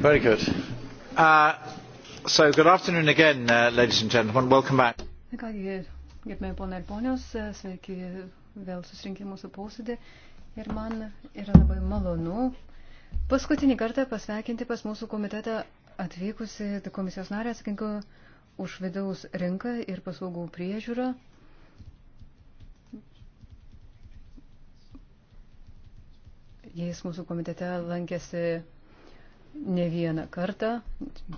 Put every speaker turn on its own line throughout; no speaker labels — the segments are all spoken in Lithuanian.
Very good. Uh, so, good afternoon again, uh, ladies and gentlemen. Welcome back.
Kągi, gerbėjai ponai ir ponios, sveiki vėl susirinkę mūsų posėdį. Ir man yra labai malonu paskutinį kartą pasveikinti pas mūsų komitetą atvykusi komisijos narė atsakinga už vidaus rinką ir paslaugų priežiūrą. Jis mūsų komitete lankėsi ne vieną kartą,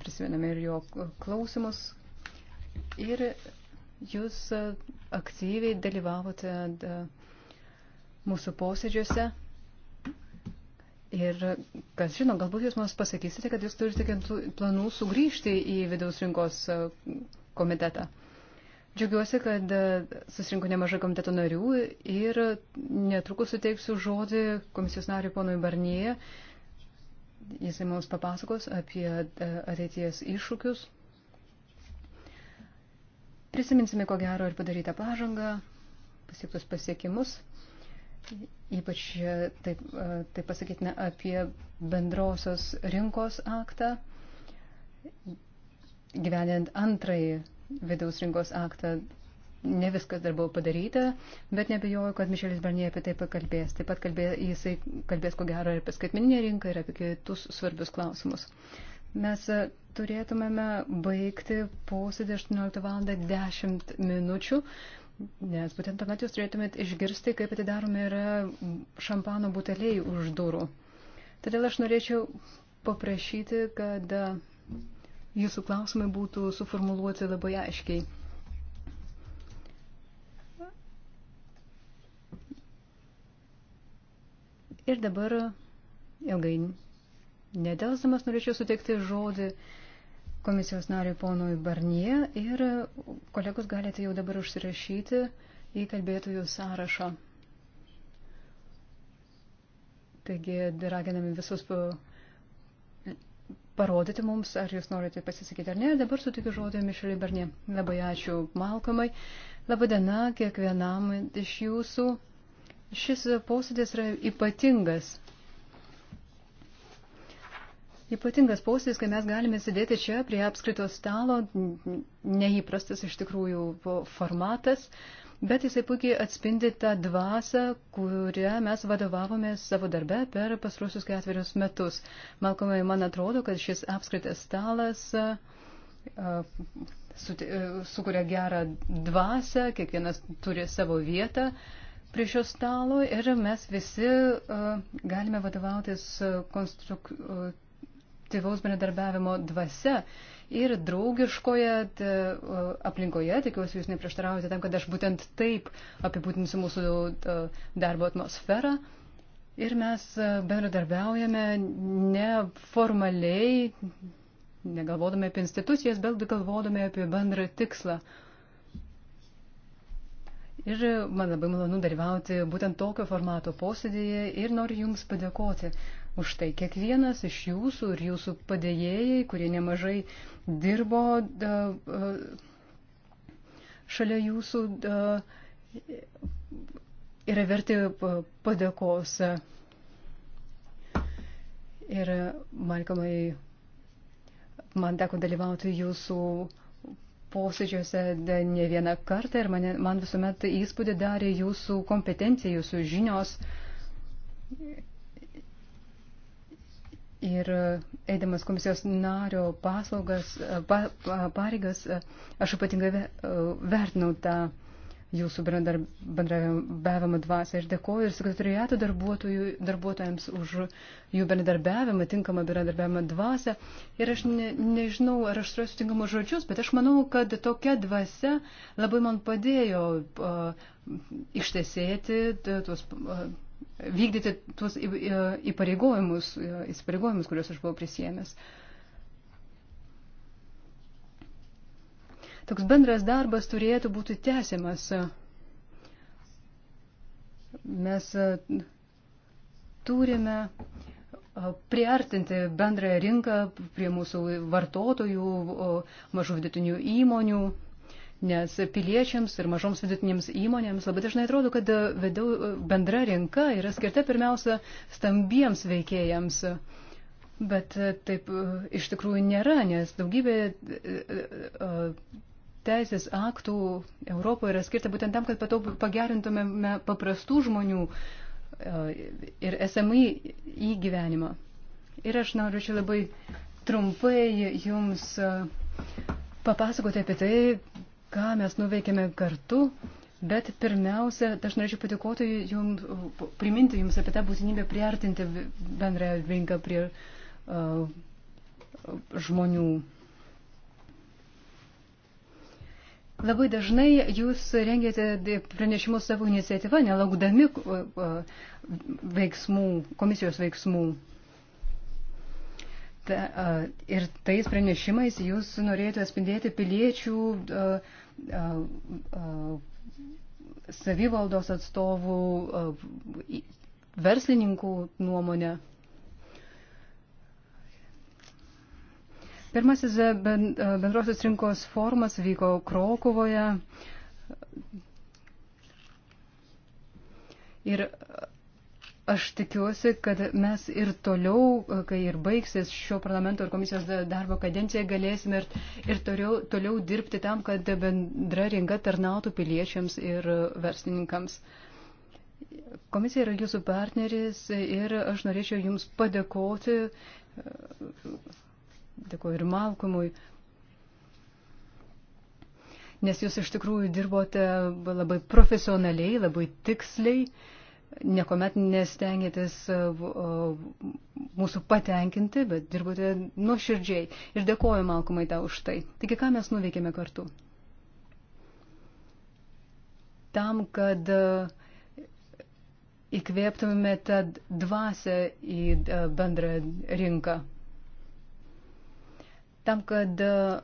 prisimename ir jo klausimus. Ir jūs aktyviai dalyvavote mūsų posėdžiuose. Ir kas žino, galbūt jūs mums pasakysite, kad jūs turite planų sugrįžti į vidaus rinkos komitetą. Džiaugiuosi, kad susirinko nemažai komiteto narių ir netrukus suteiksiu žodį komisijos nariui ponui Barnyje, Jisai mums papasakos apie e, ateities iššūkius. Prisiminsime, ko gero, ir padarytą pažangą, pasiektus pasiekimus. Ypač e, taip, e, taip pasakytume apie bendrosios rinkos aktą, gyvenant antrąjį vidaus rinkos aktą ne viskas dar buvo padaryta, bet nebejoju, kad Mišelis Barnie apie tai pakalbės. Taip pat kalbė, jisai kalbės ko gero ir apie skaitmeninę rinką, ir apie kitus svarbius klausimus. Mes e, turėtumėme baigti posėdį 18 val. 10 minučių, nes būtent tuomet jūs turėtumėt išgirsti, kaip atidaromi yra šampano buteliai už durų. Todėl aš norėčiau paprašyti, kad e, jūsų klausimai būtų suformuluoti labai aiškiai. Ir dabar ilgai nedelsamas norėčiau suteikti žodį komisijos nariui ponui Barnie ir kolegos galite jau dabar užsirašyti į kalbėtojų sąrašą. Taigi raginame visus parodyti mums, ar jūs norite pasisakyti ar ne. Dabar sutikiu žodį Mišeliui Barnie. Labai ačiū Malkomai. Labadiena kiekvienam iš jūsų. Šis posėdis yra ypatingas. Ypatingas posėdis, kai mes galime sėdėti čia prie apskrito stalo, neįprastas iš tikrųjų formatas, bet jisai puikiai atspindi tą dvasę, kurią mes vadovavome savo darbe per pasruosius ketverius metus. Malkomai, man atrodo, kad šis apskritas stalas sukuria gerą dvasę, kiekvienas turi savo vietą prie šio stalo ir mes visi e, galime vadovautis e, konstruktyvaus e, bendradarbiavimo dvasia ir draugiškoje aplinkoje, tikiuosi, jūs neprieštaraujate tam, kad aš būtent taip apibūtinsiu mūsų darbo atmosferą. Ir mes bendradarbiaujame neformaliai, negalvodami apie institucijas, bet galvodami apie bendrą tikslą, Ir man labai malonu dalyvauti būtent tokio formato posėdėje ir noriu Jums padėkoti už tai. Kiekvienas iš Jūsų ir Jūsų padėjėjai, kurie nemažai dirbo šalia Jūsų, yra verti padėkos. Ir, Malkomai, man teko dalyvauti Jūsų posėdžiuose ne vieną kartą ir man, man visuomet įspūdį darė jūsų kompetencija, jūsų žinios. Ir eidamas komisijos nario paslaugas, pa, pa, pareigas, aš ypatingai vertinau tą jūsų bendradarbiavimo dvasę. Aš dėkoju ir sekretariato darbuotojams už jų bendradarbiavimą, tinkamą bendradarbiavimo dvasę. Ir aš ne, nežinau, ar aš surasiu tinkamus žodžius, bet aš manau, kad tokia dvasia labai man padėjo uh, ištesėti tuos. Uh, vykdyti tuos įpareigojimus, įsipareigojimus, kuriuos aš buvau prisėmęs. Uh, Toks bendras darbas turėtų būti tęsiamas. Mes e, turime e, priartinti bendrąją rinką prie mūsų vartotojų, mažų vidutinių įmonių, nes piliečiams ir mažoms vidutinėms įmonėms labai dažnai atrodo, kad e, bendra rinka yra skirta pirmiausia stambiems veikėjams. Bet taip iš tikrųjų nėra, nes daugybė teisės aktų Europoje yra skirta būtent tam, kad patau pagerintumėme paprastų žmonių e, ir esamai įgyvenimą. Ir aš noriu čia labai trumpai jums e, papasakoti apie tai, ką mes nuveikėme kartu, bet pirmiausia, aš norėčiau patikoti jums, priminti jums apie tą būtinybę priartinti bendrąją rinką prie uh, žmonių. Labai dažnai jūs rengiate pranešimus savo iniciatyvą, nelaukdami veiksmų, komisijos veiksmų. Ta, ir tais pranešimais jūs norėjote atspindėti piliečių savivaldos atstovų, verslininkų nuomonę. Pirmasis e, e, bendrosios rinkos formas vyko Krokuvoje. Ir aš tikiuosi, kad mes ir toliau, e, kai ir baigsis šio parlamento ir komisijos darbo kadencija, galėsime ir, ir toliau, toliau dirbti tam, kad bendra rinka tarnautų piliečiams ir verslininkams. Komisija yra jūsų partneris ir aš norėčiau Jums padėkoti dėkoju ir Malkumui, nes jūs iš tikrųjų dirbote labai profesionaliai, labai tiksliai, niekuomet nestengėtės mūsų patenkinti, bet dirbote nuoširdžiai. Ir dėkoju Malkumai tau už tai. Taigi, ką mes nuveikėme kartu? Tam, kad įkvėptumėme tą dvasę į bendrą rinką tam, kad e,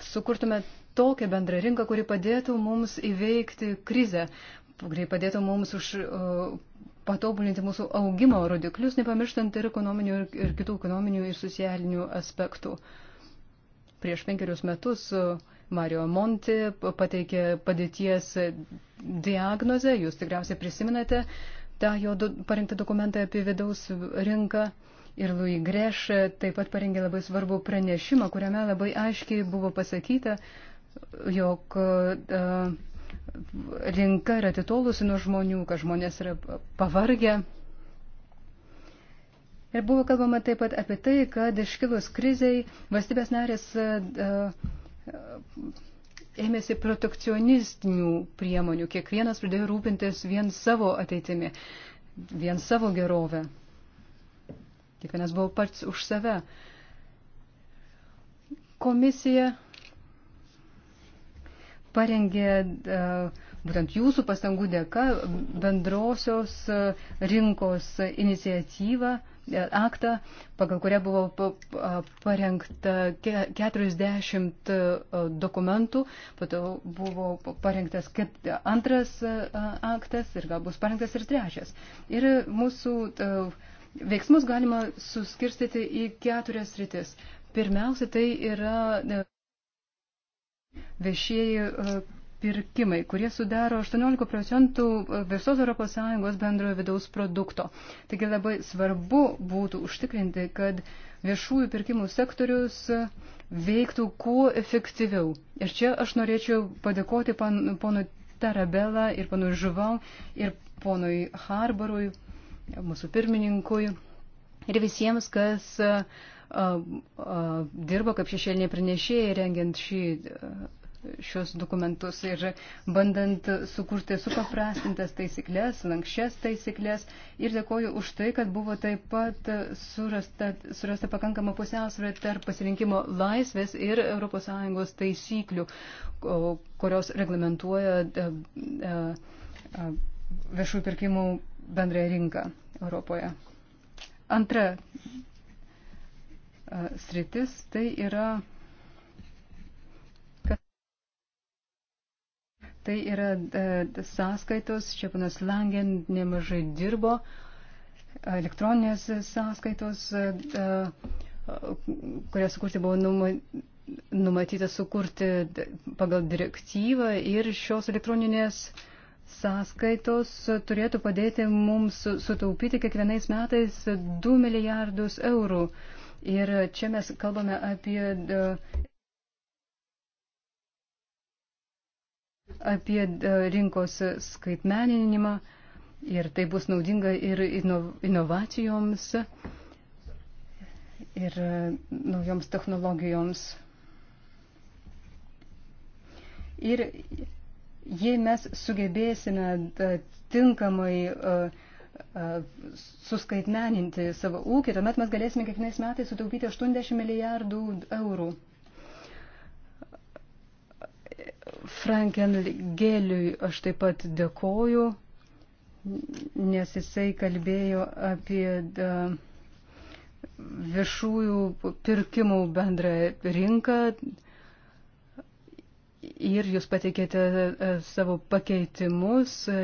sukurtume tokią bendrą rinką, kuri padėtų mums įveikti krizę, kuri padėtų mums už, e, patobulinti mūsų augimo rodiklius, nepamirštant ir ekonominių, ir kitų ekonominių, ir socialinių aspektų. Prieš penkerius metus e, Mario Monti pateikė padėties diagnozę, jūs tikriausiai prisiminate tą jo do, parengtą dokumentą apie vidaus rinką. Ir Louis Greš taip pat parengė labai svarbų pranešimą, kuriame labai aiškiai buvo pasakyta, jog e, rinka yra atitolusi nuo žmonių, kad žmonės yra pavargę. Ir buvo kalbama taip pat apie tai, kad iškilus kriziai valstybės narės e, e, ėmėsi protekcionistinių priemonių, kiekvienas pradėjo rūpintis vien savo ateitimi, vien savo gerovę. Kiekvienas buvo pats už save. Komisija parengė e, būtent jūsų pastangų dėka bendrosios e, rinkos iniciatyvą, e, aktą, pagal kurią buvo parengta 40 dokumentų, po to buvo parengtas antras aktas ir gal bus parengtas ir trečias. Ir mūsų uh, Veiksmus galima suskirstyti į keturias rytis. Pirmiausia, tai yra e, viešieji e, pirkimai, kurie sudaro 18 procentų e, visos ES bendrojo vidaus produkto. Taigi labai svarbu būtų užtikrinti, kad viešųjų pirkimų sektorius veiktų kuo efektyviau. Ir čia aš norėčiau padėkoti pan, ponui Tarabela ir ponui Žuvau ir ponui Harborui mūsų pirmininkui ir visiems, kas dirbo kaip šešėlinė pranešėja rengiant šį, šios dokumentus ir bandant sukurti supaprastintas taisyklės, lankščias taisyklės. Ir dėkoju už tai, kad buvo taip pat surasta, surasta pakankama pusiausvė tarp pasirinkimo laisvės ir ES taisyklių, kurios reglamentuoja viešųjų pirkimų bendrąją rinką Europoje. Antra e, sritis tai yra, kad, tai yra e, sąskaitos, čia panas Langen nemažai dirbo, elektroninės sąskaitos, e, kurias sukurti buvo numatyta sukurti pagal direktyvą ir šios elektroninės sąskaitos sąskaitos turėtų padėti mums sutaupyti kiekvienais metais 2 milijardus eurų. Ir čia mes kalbame apie, e, apie e, rinkos skaitmeninimą ir tai bus naudinga ir inovacijoms ir e, naujoms technologijoms. Ir Jei mes sugebėsime e, tinkamai e, e, suskaitmeninti savo ūkį, tuomet mes galėsime kiekvienais metais sutaupyti 80 milijardų eurų. Franken Gėliui aš taip pat dėkoju, nes jisai kalbėjo apie viešųjų pirkimų bendrą rinką Ir jūs pateikėte e, savo pakeitimus e,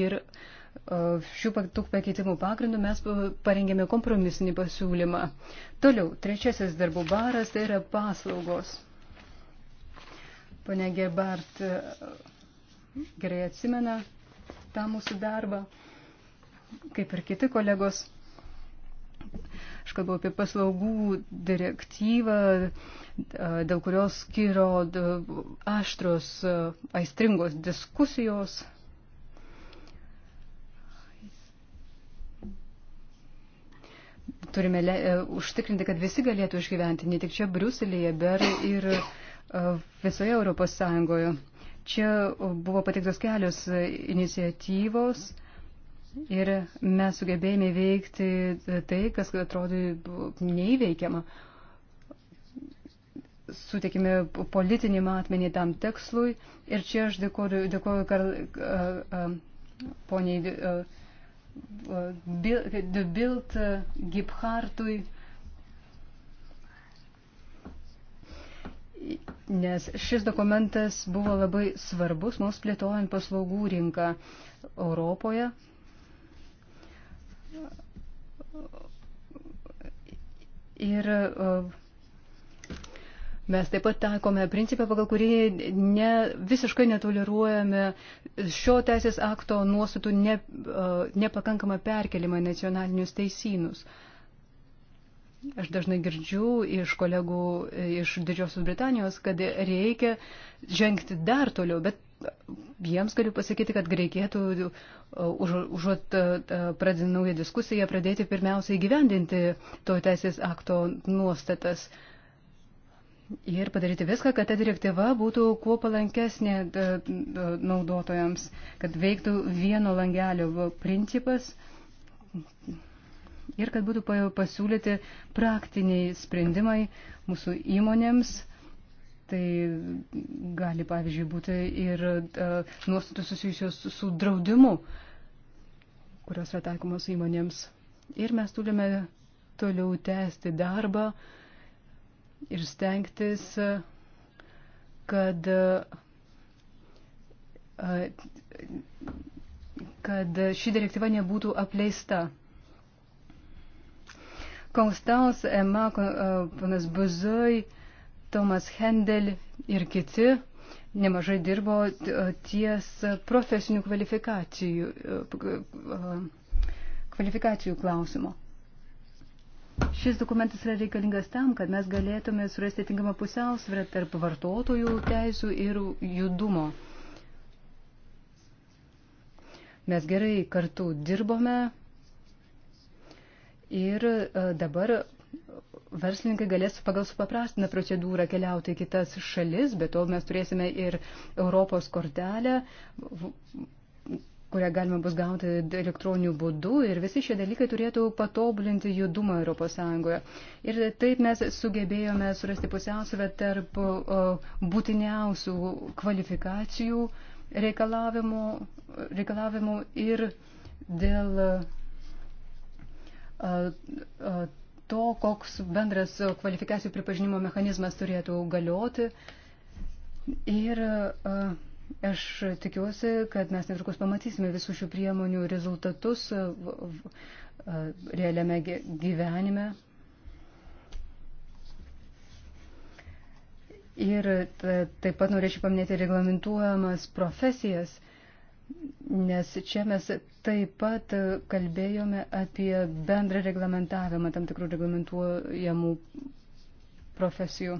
ir e, šių pakeitimų pagrindų mes parengėme kompromisinį pasiūlymą. Toliau, trečiasis darbų baras tai yra paslaugos. Pane Gebart gerai atsimena tą mūsų darbą, kaip ir kiti kolegos. Aš kalbu apie paslaugų direktyvą, dėl kurios skiro aštros, aistringos diskusijos. Turime le, e, užtikrinti, kad visi galėtų išgyventi, ne tik čia Briuselėje, bet ir visoje Europos Sąjungoje. Čia buvo patiktos kelios iniciatyvos Ir mes sugebėjome veikti tai, kas atrodo neįveikiama. Sutikime politinį matmenį tam tekslui. Ir čia aš dėkoju, dėkoju kar, uh, uh, poniai uh, uh, Dubilt, uh, Gibhartui. Nes šis dokumentas buvo labai svarbus mums plėtojant paslaugų rinką Europoje, Ir mes taip pat taikome principą, pagal kurį ne, visiškai netoleruojame šio teisės akto nuostatų ne, nepakankamą perkelimą į nacionalinius teisynus. Aš dažnai girdžiu iš kolegų iš Didžiosios Britanijos, kad reikia žengti dar toliau, bet jiems galiu pasakyti, kad reikėtų e, už, užuot e, e, pradėti naują diskusiją, pradėti pirmiausiai gyvendinti to teisės akto nuostatas. Ir padaryti viską, kad ta direktyva būtų kuo palankesnė naudotojams, kad veiktų vieno langelio principas ir kad būtų pasiūlyti praktiniai sprendimai mūsų įmonėms Tai gali, pavyzdžiui, būti ir uh, e, nuostatų susijusios su draudimu, kurios yra taikomos įmonėms. Ir mes turime toliau tęsti darbą ir stengtis, e, kad, e, kad ši direktyva nebūtų apleista. Konstans, Ema, ponas Buzoj, Tomas Hendel ir kiti nemažai dirbo e, ties profesinių kvalifikacijų, e, e, kvalifikacijų klausimo. Šis dokumentas yra reikalingas tam, kad mes galėtume surasti tinkamą pusiausvyrą tarp vartotojų teisų ir judumo. Mes gerai kartu dirbome ir dabar verslininkai galės pagal supaprastiną procedūrą keliauti į kitas šalis, bet to mes turėsime ir Europos kortelę, kurią galima bus gauti elektroniniu būdu ir visi šie dalykai turėtų patobulinti judumą ES. Ir taip mes sugebėjome surasti pusiausvę tarp būtiniausių kvalifikacijų reikalavimų, reikalavimų ir dėl to, koks bendras kvalifikacijų pripažinimo mechanizmas turėtų galioti. Ir e, aš tikiuosi, kad mes netrukus pamatysime visų šių priemonių rezultatus e, e, realiame gyvenime. Ir taip pat norėčiau paminėti reglamentuojamas profesijas – nes čia mes taip pat kalbėjome apie bendrą reglamentavimą tam tikrų reglamentuojamų profesijų.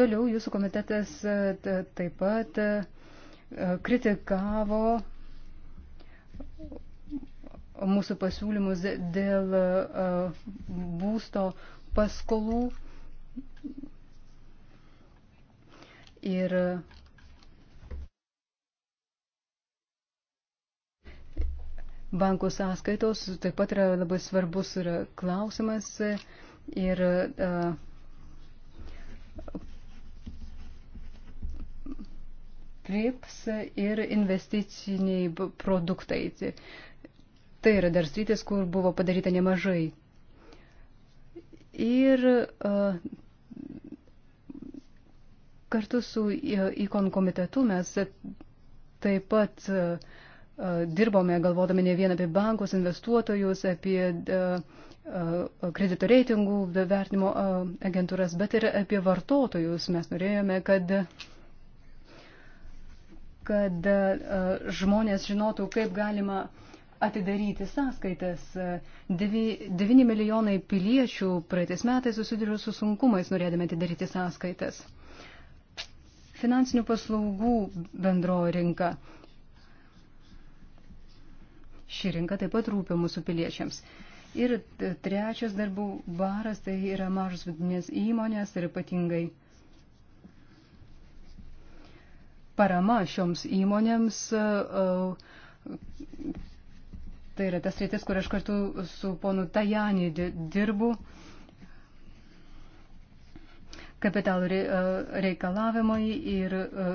Toliau jūsų komitetas e, taip pat e, kritikavo mūsų pasiūlymus dėl e, būsto paskolų Ir bankų sąskaitos taip pat yra labai svarbus yra klausimas ir uh, prips ir investiciniai produktai. Tai yra dar strytis, kur buvo padaryta nemažai. Ir uh, Kartu su ikon komitetu mes taip pat e, e, dirbome galvodami ne vien apie bankus, investuotojus, apie e, kredito reitingų vertinimo agentūras, bet ir apie vartotojus. Mes norėjome, kad, kad žmonės žinotų, kaip galima atidaryti sąskaitas. 9 milijonai piliečių praeitais metais susidūrė su sunkumais norėdami atidaryti sąskaitas finansinių paslaugų bendroji rinka. Ši rinka taip pat rūpia mūsų piliečiams. Ir trečias darbų baras tai yra mažos vidinės įmonės ir ypatingai parama šioms įmonėms. E, e, tai yra tas rytis, kur aš kartu su ponu Tajani dirbu kapitalo e, reikalavimai ir e,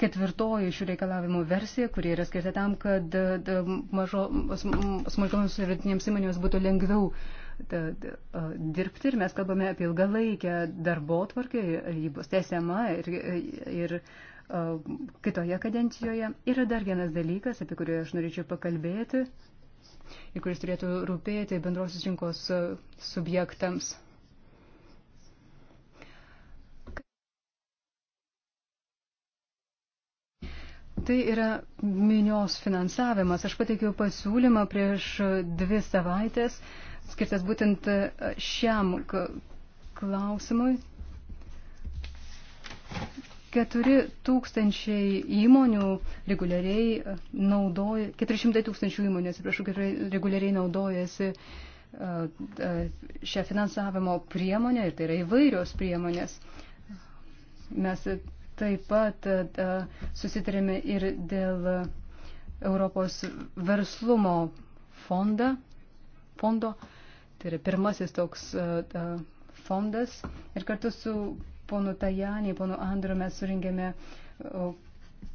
ketvirtoji šių reikalavimų versija, kurie yra skirta tam, kad e, mažo, smulkioms ir vidutinėms įmonėms būtų lengviau dirbti ir mes kalbame apie ilgalaikę darbo tvarkę, ji bus tęsiama ir, ir kitoje kadencijoje. Yra dar vienas dalykas, apie kurį aš norėčiau pakalbėti ir kuris turėtų rūpėti bendrosios rinkos subjektams. Tai yra minios finansavimas. Aš pateikiau pasiūlymą prieš dvi savaitės, skirtas būtent e, šiam klausimui. 4 tūkstančiai įmonių reguliariai e, naudoja, 400 tūkstančių įmonių, atsiprašau, reguliariai naudojasi e, šią finansavimo priemonę ir tai yra įvairios priemonės. Mes Taip pat e, e, susitarėme ir dėl Europos verslumo fonda, fondo. Tai yra pirmasis toks e, fondas. Ir kartu su ponu Tajani, ponu Andru mes surinkėme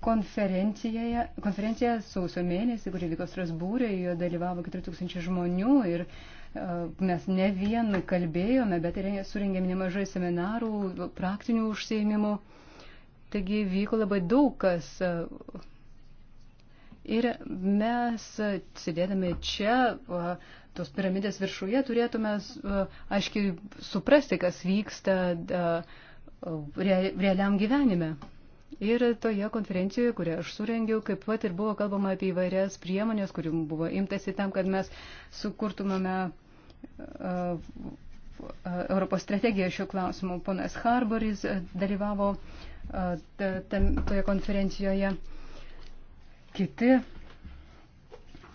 konferenciją, konferenciją sausio mėnesį, kuri vyko Strasbūrė, jo dalyvavo 4000 žmonių ir mes ne vien kalbėjome, bet ir surengėme nemažai seminarų, praktinių užsieimimų. Taigi vyko labai daug kas. Ir mes, sėdėdami čia, tos piramidės viršuje, turėtume aiškiai suprasti, kas vyksta realiam gyvenime. Ir toje konferencijoje, kurią aš surengiau, kaip pat ir buvo kalbama apie įvairias priemonės, kurių buvo imtasi tam, kad mes sukurtumėme Europos strategiją šiuo klausimu. Ponas Harboris e, dalyvavo e, toje konferencijoje. Kiti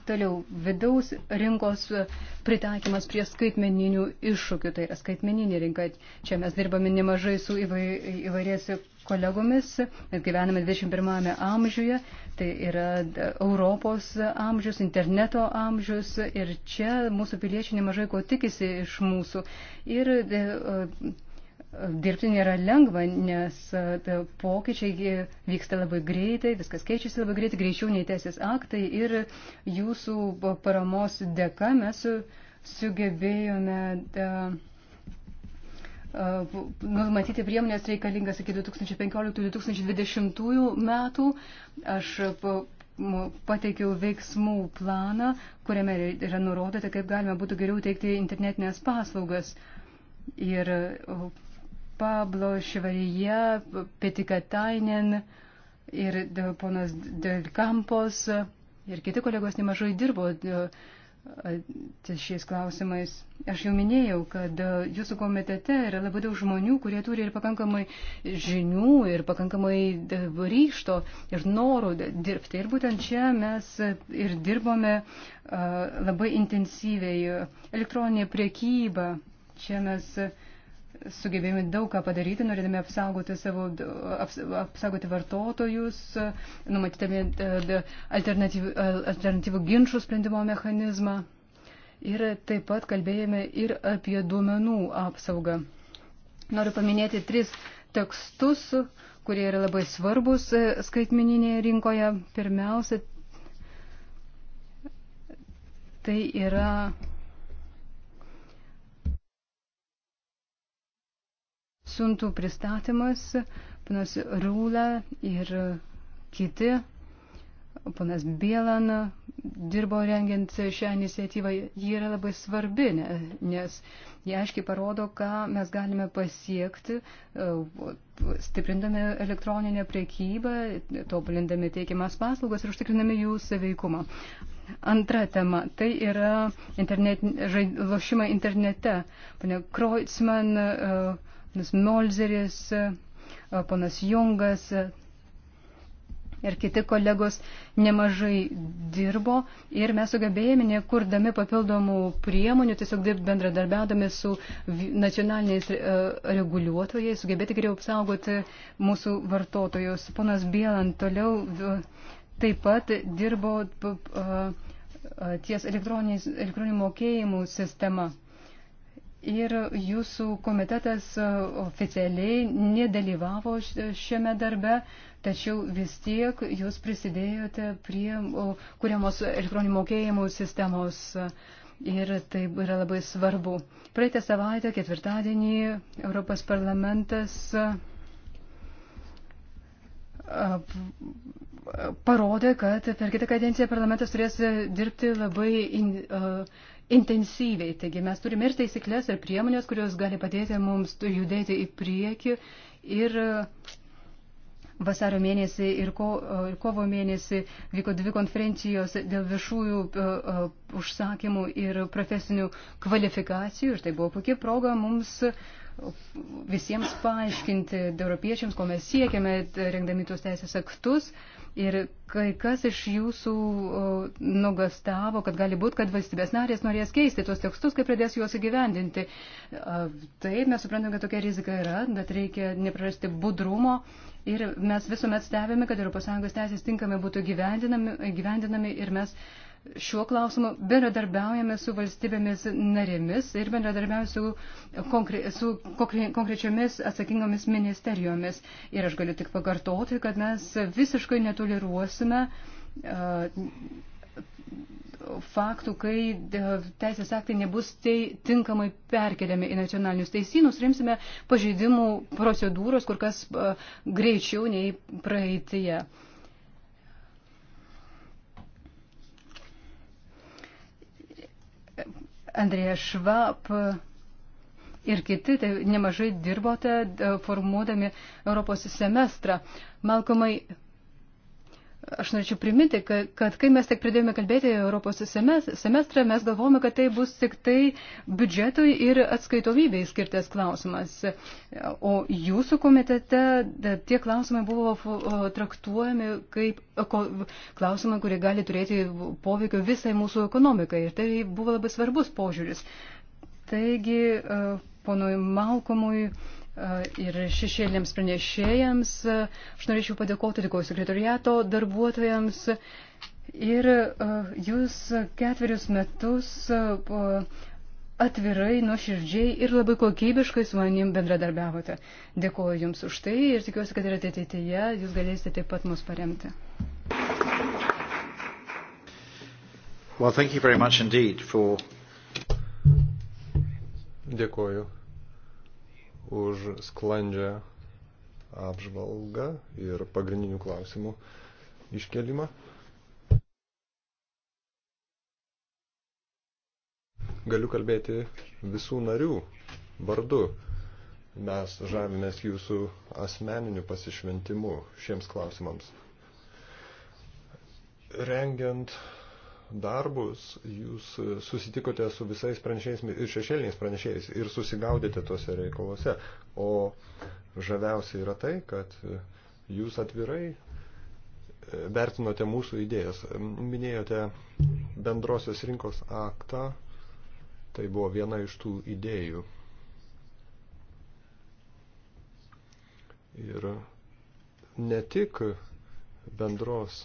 Toliau vidaus rinkos pritaikymas prie skaitmeninių iššūkių, tai yra skaitmeninė rinka. Čia mes dirbame nemažai su įvairiais kolegomis, gyvename 21 amžiuje, tai yra Europos amžius, interneto amžius ir čia mūsų piliečiai nemažai ko tikisi iš mūsų. Ir e, e, dirbti nėra lengva, nes e, pokyčiai vyksta labai greitai, viskas keičiasi labai greitai, greičiau nei teisės aktai ir jūsų paramos dėka mes sugebėjome. Da, numatyti priemonės reikalingas iki 2015-2020 metų. Aš pateikiau veiksmų planą, kuriame yra nurodyta, kaip galima būtų geriau teikti internetinės paslaugas. Ir Pablo Šivaryje, Petikatainen ir ponas Del Campos ir kiti kolegos nemažai dirbo. De, šiais klausimais. Aš jau minėjau, kad jūsų komitete yra labai daug žmonių, kurie turi ir pakankamai žinių, ir pakankamai ryšto, ir norų dirbti. Ir būtent čia mes ir dirbome labai intensyviai elektroninė priekyba. Čia mes uh, sugebėjome daug ką padaryti, norėdami apsaugoti, savo, aps, apsaugoti vartotojus, numatydami e, alternatyvų, e, alternatyvų ginčių sprendimo mechanizmą. Ir taip pat kalbėjome ir apie duomenų apsaugą. Noriu paminėti tris tekstus, kurie yra labai svarbus e, skaitmeninėje rinkoje. Pirmiausia, tai yra. Mm siuntų pristatymas, panas Rūlė ir kiti, panas Bielana dirbo rengiant šią iniciatyvą. Ji yra labai svarbi, nes jie aiškiai parodo, ką mes galime pasiekti, e, stiprindami elektroninę priekybą, tobulindami teikiamas paslaugas ir užtikrinami jų saveikumą. Antra tema - tai yra internet, žai, lošimai internete. Pane Kreutzmann uh, Molzeris, ponas Jungas ir kiti kolegos nemažai dirbo ir mes sugebėjome, nekurdami papildomų priemonių, tiesiog bendradarbiaudami su nacionaliniais reguliuotojais, sugebėti geriau apsaugoti mūsų vartotojus. Ponas Bielan toliau taip pat dirbo ties elektroninių mokėjimų sistema ir jūsų komitetas oficialiai nedalyvavo šiame darbe, tačiau vis tiek jūs prisidėjote prie kuriamos elektroninių mokėjimų sistemos ir tai yra labai svarbu. Praeitą savaitę, ketvirtadienį, Europos parlamentas parodė, kad per kitą kadenciją parlamentas turės dirbti labai in, uh, intensyviai. Taigi mes turime ir taisyklės, ir priemonės, kurios gali padėti mums judėti į priekį. Ir uh, vasario mėnesį ir, ko, uh, ir kovo mėnesį vyko dvi konferencijos dėl viešųjų uh, uh, užsakymų ir profesinių kvalifikacijų. Ir tai buvo puikia proga mums uh, visiems paaiškinti europiečiams, ko mes siekiame, rengdami tuos teisės aktus. Ir kai kas iš jūsų nugastavo, kad gali būti, kad valstybės narės norės keisti tuos tekstus, kai pradės juos įgyvendinti. Taip, mes suprantame, kad tokia rizika yra, bet reikia neprarasti budrumo. Ir mes visuomet stebime, kad ES teisės tinkamai būtų gyvendinami, gyvendinami ir mes uh, šiuo klausimu bendradarbiaujame su valstybėmis narėmis ir bendradarbiaujame su, konkre, su konkre, konkrečiomis atsakingomis ministerijomis. Ir aš galiu tik pakartoti, kad mes visiškai netoleruosime faktų, kai teisės aktai nebus tei, tinkamai perkeliami į nacionalinius teisynus, rimsime pažeidimų procedūros kur kas greičiau nei praeitie. Andrėja Švap ir kiti tai nemažai dirbote e, formuodami Europos semestrą. Malkomai, Aš norėčiau priminti, kad, kad kai mes tik pradėjome kalbėti Europos semestrą, mes galvome, kad tai bus tik tai biudžetui ir atskaitovybei skirtas klausimas. O jūsų komitete tie klausimai buvo traktuojami kaip klausimai, kurie gali turėti poveikio visai mūsų ekonomikai. Ir tai buvo labai svarbus požiūris. Taigi, e, ponui Malkomui E, ir šešėlėms pranešėjams. E, aš norėčiau padėkoti tikau sekretariato darbuotojams. Ir e, jūs ketverius metus atvirai, nuoširdžiai ir labai kokybiškai su manim bendradarbiavote. Dėkuoju Jums už tai ir tikiuosi, kad ir ateityje Jūs galėsite taip pat mus paremti.
Well, for... Dėkuoju už sklandžią apžvalgą ir pagrindinių klausimų iškelimą. Galiu kalbėti visų narių vardu. Mes žavimės jūsų asmeniniu pasišventimu šiems klausimams. Rengiant darbus, jūs susitikote su visais pranešėjais ir šešėliniais pranešėjais ir susigaudėte tuose reikaluose. O žaviausia yra tai, kad jūs atvirai e, vertinote mūsų idėjas. Minėjote bendrosios rinkos aktą, tai buvo viena iš tų idėjų. Ir ne tik bendros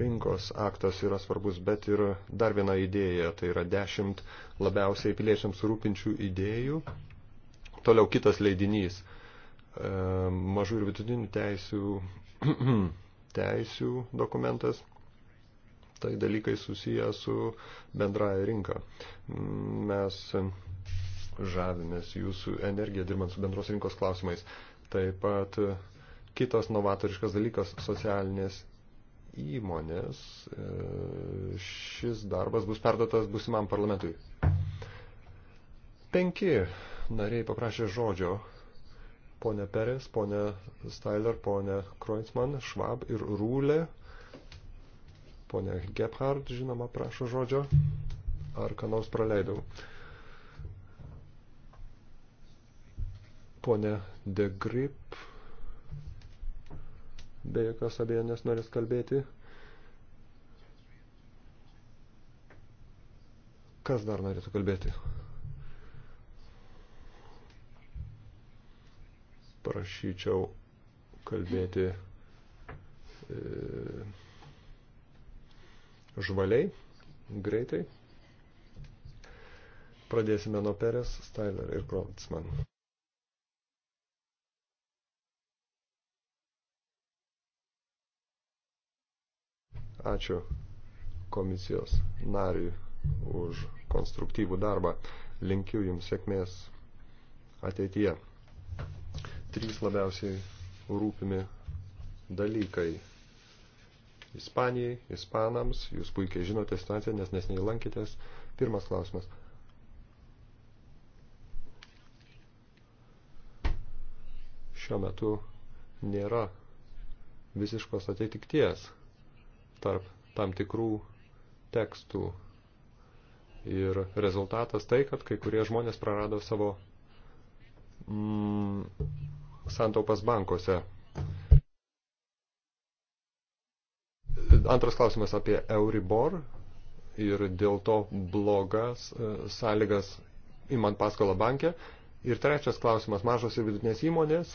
rinkos aktas yra svarbus, bet ir dar viena idėja, tai yra dešimt labiausiai piliečiams rūpinčių idėjų. Toliau kitas leidinys e, mažų ir vidutinių teisių, teisių dokumentas. Tai dalykai susiję su bendraja rinka. Mes žavimės jūsų energiją dirbant su bendros rinkos klausimais. Taip pat kitas novatoriškas dalykas - socialinės įmonės e, šis darbas bus perdotas būsimam parlamentui. Penki nariai paprašė žodžio. Pone Peres, pone Styler, pone Kreuzmann, Schwab ir Rūlė. Pone Gebhardt, žinoma, prašo žodžio. Ar ką nors praleidau? Pone De Grip, be jokios abejonės norės kalbėti. Kas dar norėtų kalbėti? Prašyčiau kalbėti e, žvaliai, greitai. Pradėsime nuo Perės, Styler ir Krovitsman. Ačiū komisijos nariui už konstruktyvų darbą. Linkiu Jums sėkmės ateityje. Trys labiausiai rūpimi dalykai. Ispanijai, ispanams, jūs puikiai žinote situaciją, nes nesnei lankytės. Pirmas klausimas. Šiuo metu nėra visiškos atitikties tarp tam tikrų tekstų. Ir rezultatas tai, kad kai kurie žmonės prarado savo mm, santaupas bankuose. Antras klausimas apie Euribor ir dėl to blogas e, sąlygas įmant paskolą bankę. Ir trečias klausimas, mažos ir vidutinės įmonės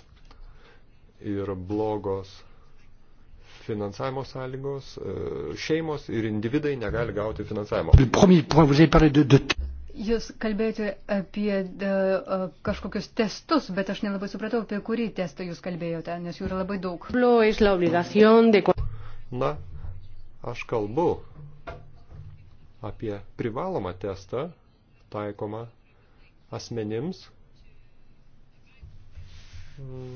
ir blogos finansavimo sąlygos, e, šeimos ir individai negali gauti finansavimo.
Jūs kalbėjote apie da, e, e, kažkokius testus, bet aš nelabai supratau, apie kurį testą jūs kalbėjote, nes jų yra labai daug.
Na, aš kalbu apie privalomą testą taikomą asmenims,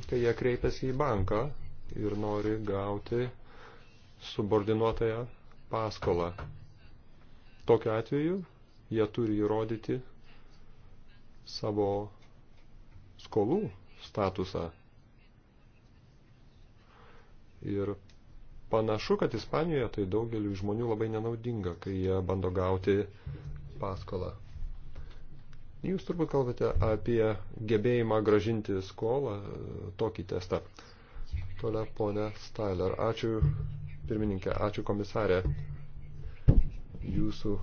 kai jie kreipiasi į banką ir nori gauti subordinuotąją paskolą. Tokiu atveju jie turi įrodyti savo skolų statusą. Ir panašu, kad Ispanijoje tai daugeliu žmonių labai nenaudinga, kai jie bando gauti paskolą. Jūs turbūt kalbate apie gebėjimą gražinti skolą, tokį testą. Toliau ponė Styler. Ačiū pirmininkė, ačiū komisarė. Jūsų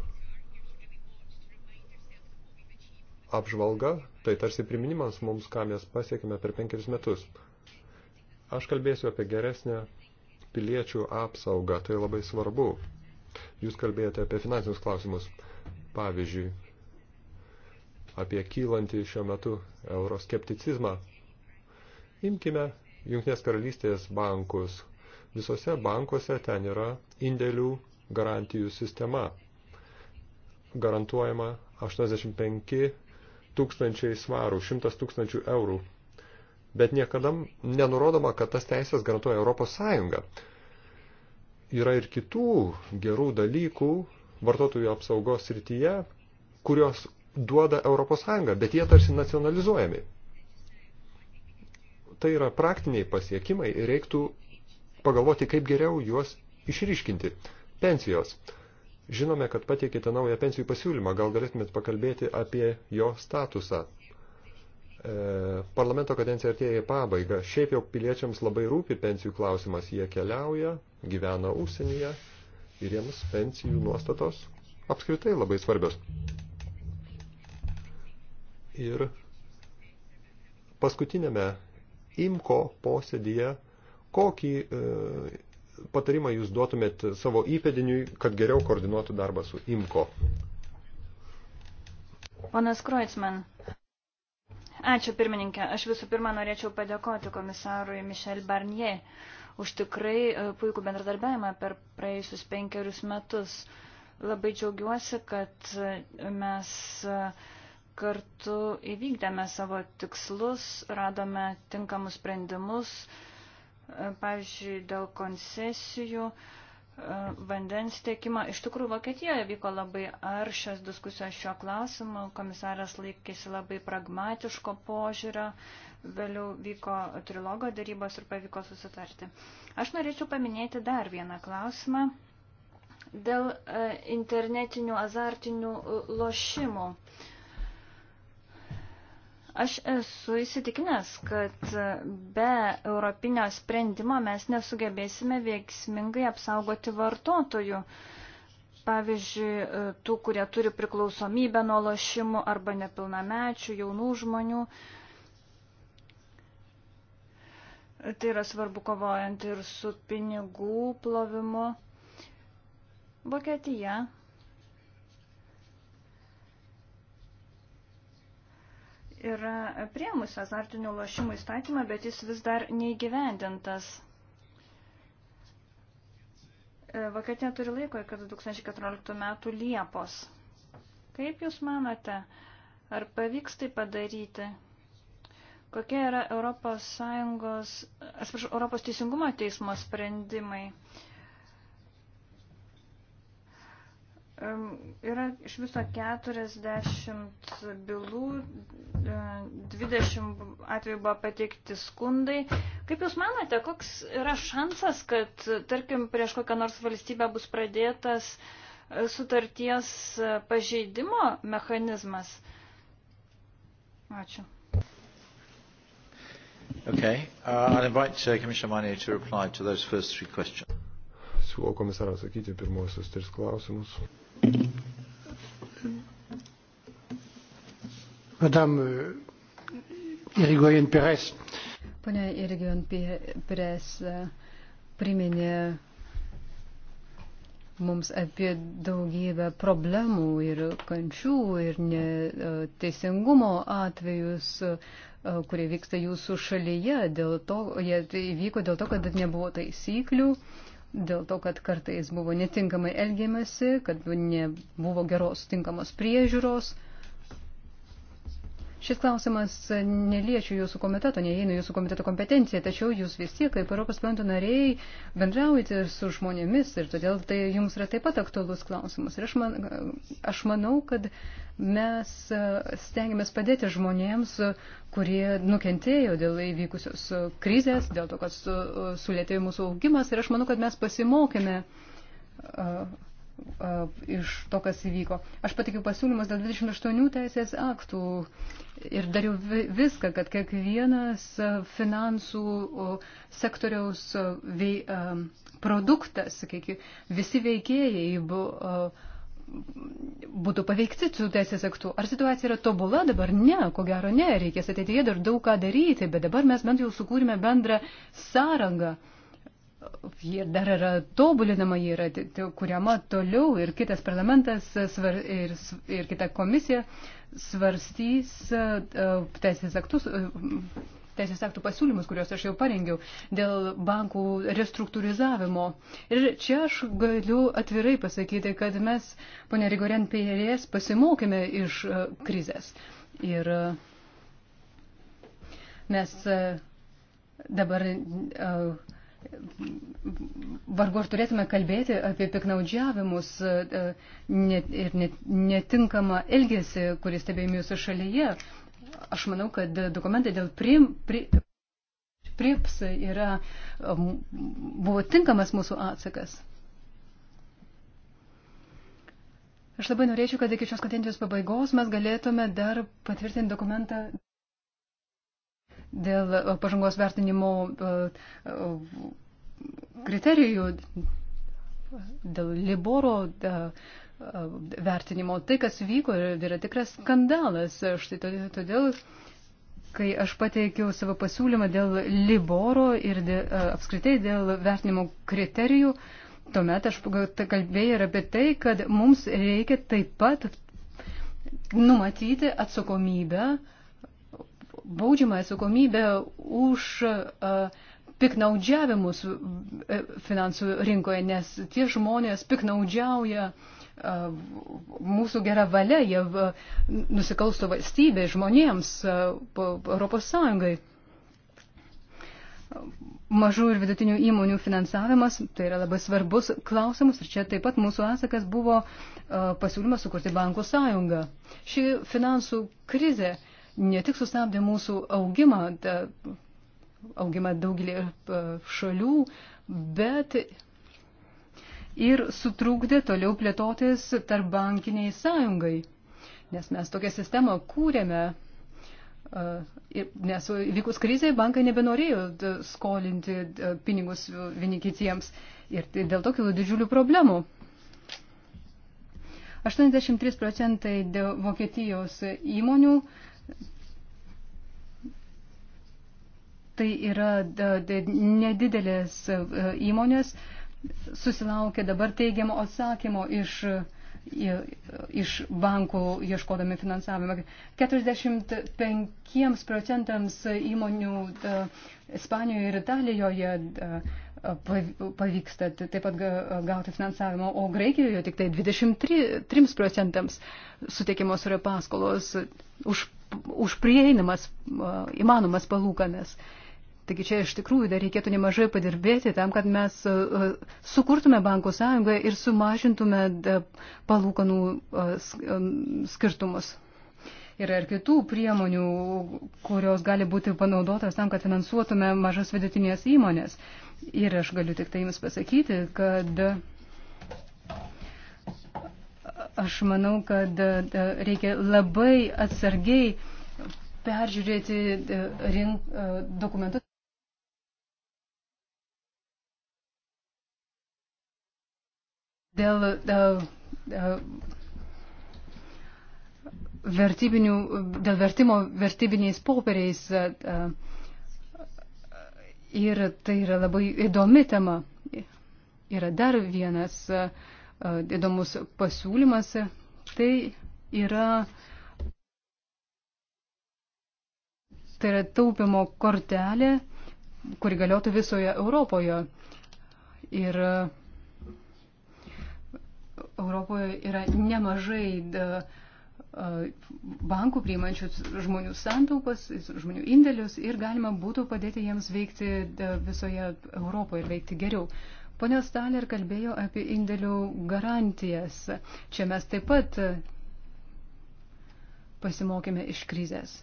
apžvalga, tai tarsi priminimas mums, ką mes pasiekime per penkeris metus. Aš kalbėsiu apie geresnę piliečių apsaugą, tai labai svarbu. Jūs kalbėjote apie finansinius klausimus, pavyzdžiui, apie kylantį šiuo metu euroskepticizmą. Imkime Junktinės karalystės bankus. Visose bankuose ten yra indėlių garantijų sistema. Garantuojama 85 tūkstančiai svarų, 100 tūkstančių eurų. Bet niekada nenurodoma, kad tas teisės garantuoja Europos Sąjunga. Yra ir kitų gerų dalykų vartotojų apsaugos srityje, kurios duoda Europos Sąjunga, bet jie tarsi nacionalizuojami tai yra praktiniai pasiekimai ir reiktų pagalvoti, kaip geriau juos išryškinti. Pensijos. Žinome, kad pateikėte naują pensijų pasiūlymą, gal galėtumėt pakalbėti apie jo statusą. E, parlamento kadencija artėja į pabaigą. Šiaip jau piliečiams labai rūpi pensijų klausimas. Jie keliauja, gyvena užsienyje ir jiems pensijų nuostatos apskritai labai svarbios. Ir paskutinėme IMKO posėdėje, kokį e, patarimą jūs duotumėt savo įpėdiniui, kad geriau koordinuotų darbą su IMKO?
Panas Kroitsman. Ačiū pirmininkė. Aš visų pirma norėčiau padėkoti komisarui Michel Barnier už tikrai e, puikų bendradarbiavimą per praėjusius penkerius metus. Labai džiaugiuosi, kad mes uh, kartu įvykdėme savo tikslus, radome tinkamus sprendimus, e, pavyzdžiui, dėl koncesijų, e, vandens tiekimo. Iš tikrųjų, Vokietijoje vyko labai aršios diskusijos šiuo klausimu, komisaras laikėsi labai pragmatiško požiūrio, vėliau vyko trilogo darybos ir pavyko susitarti. Aš norėčiau paminėti dar vieną klausimą dėl e, internetinių azartinių lošimų. Uh, Aš esu įsitikinęs, kad be europinio sprendimo mes nesugebėsime veiksmingai apsaugoti vartotojų. Pavyzdžiui, tų, kurie turi priklausomybę nuo lošimų arba nepilnamečių, jaunų žmonių. Tai yra svarbu kovojant ir su pinigų plovimu. Vokietija yra priemusi azartinių lošimų įstatymą, bet jis vis dar neįgyvendintas. E, Vokietija turi laiko iki 2014 metų Liepos. Kaip Jūs manote, ar pavyks tai padaryti? Kokie yra Europos, Sąjungos, atsiprašau, Europos teisingumo teismo sprendimai? Uh, Yra iš viso 40 bylų, 20 e, atveju buvo pateikti skundai. Kaip Jūs manote, koks yra šansas, kad, tarkim, prieš kokią nors valstybę bus pradėtas e, sutarties e, pažeidimo mechanizmas? Ačiū. Okay. Uh, I'll invite uh, Commissioner Manier to reply to those first three questions.
Siūlau komisarą atsakyti pirmosius tris klausimus.
Madame euh, Irigoyen Perez.
Pane Irigoyen Perez euh, priminė mums apie daugybę problemų ir kančių ir neteisingumo e, atvejus, e, kurie vyksta jūsų šalyje. Dėl to, jie tai įvyko dėl to, kad nebuvo taisyklių. Uh, dėl to, kad kartais buvo netinkamai elgiamasi, kad nebuvo geros tinkamos priežiūros. Šis klausimas neliečia jūsų komiteto, neįeina jūsų komiteto kompetencija, tačiau jūs vis tiek, kaip Europos parlamento nariai, bendraujate su žmonėmis ir todėl tai jums yra taip pat aktualus klausimas. Ir aš, man, aš manau, kad mes stengiamės padėti žmonėms, kurie nukentėjo dėl įvykusios krizės, dėl to, kad sulėtėjo mūsų augimas ir aš manau, kad mes pasimokėme. Uh, iš to, kas įvyko. Aš patikiu pasiūlymus dėl 28 teisės aktų ir dariau viską, kad kiekvienas finansų sektoriaus vei, produktas, visi veikėjai buvo būtų paveikti tų teisės aktų. Ar situacija yra tobula dabar? Ne, ko gero ne, reikės ateityje dar daug ką daryti, bet dabar mes bent jau sukūrime bendrą sąrangą. Uh, Ji dar yra tobulinama, ji yra kuriama toliau ir kitas parlamentas svar, ir, ir kita komisija svarstys e, teisės aktus. E, teisės aktų pasiūlymus, kuriuos aš jau parengiau dėl bankų restruktūrizavimo. Ir čia aš galiu atvirai pasakyti, kad mes, ponė Rigorent Pierės, pasimokėme iš e, krizės. Ir mes dabar uh, vargu ar turėtume kalbėti apie piknaudžiavimus e, ir netinkamą elgesį, kuris stebėjami jūsų šalyje. Aš manau, kad dokumentai dėl prim, pri, prips yra, buvo tinkamas mūsų atsakas. Aš labai norėčiau, kad iki šios kadencijos pabaigos mes galėtume dar patvirtinti dokumentą dėl e, pažangos vertinimo e, e, kriterijų, dėl liboro vertinimo. Tai, kas vyko, yra tikras skandalas. Štai todėl, kai aš pateikiau savo pasiūlymą dėl liboro ir dėl, apskritai dėl vertinimo kriterijų, tuomet aš kalbėjau ir apie tai, kad mums reikia taip pat numatyti atsakomybę uh, baudžiamą atsakomybę už e, piknaudžiavimus e, finansų rinkoje, nes tie žmonės piknaudžiauja e, mūsų gerą valią, jie nusikalsto valstybė žmonėms, Europos Sąjungai. Mažų ir vidutinių įmonių finansavimas tai yra labai svarbus klausimus ir čia taip pat mūsų atsakas buvo pasiūlymas sukurti bankų sąjungą. Ši finansų krizė uh, ne tik sustabdė mūsų augimą, da, augimą daugelį e, šalių, bet ir sutrūkdė toliau plėtotis tarp bankiniai sąjungai. Nes mes tokią sistemą kūrėme, e, nes vykus krizai bankai nebenorėjo skolinti pinigus vieni kitiems ir tai dėl to kilo didžiulių problemų. 83 procentai Vokietijos įmonių uh, tai yra nedidelės e, įmonės, susilaukia dabar teigiamo atsakymo iš, iš bankų ieškodami finansavimą. 45 procentams įmonių Ispanijoje ir Italijoje pavyksta taip pat gauti finansavimą, o Graikijoje tik tai 23 procentams suteikiamos yra paskolos už, už prieinamas, įmanomas palūkanas. Uh, Taigi čia iš tikrųjų dar reikėtų nemažai padirbėti tam, kad mes e, e, sukurtume bankų sąjungą ir sumažintume e, palūkanų skirtumus. Yra ir kitų priemonių, kurios gali būti panaudotas tam, kad finansuotume mažas vidutinės įmonės. Ir aš galiu tik tai Jums pasakyti, kad aš manau, kad reikia labai atsargiai peržiūrėti rink, dokumentus. dėl uh, uh, vertybinių, dėl vertimo vertybiniais popieriais. Uh, Ir tai yra labai įdomi tema. Yra dar vienas uh, įdomus pasiūlymas. Tai yra, tai yra taupimo kortelė, kuri galiotų visoje Europoje. Ir uh, Europoje yra nemažai bankų priimančių žmonių santaupas, žmonių indėlius ir galima būtų padėti jiems veikti visoje Europoje ir veikti geriau. Pone Staler kalbėjo apie indėlių garantijas. Čia mes taip pat pasimokėme iš krizės.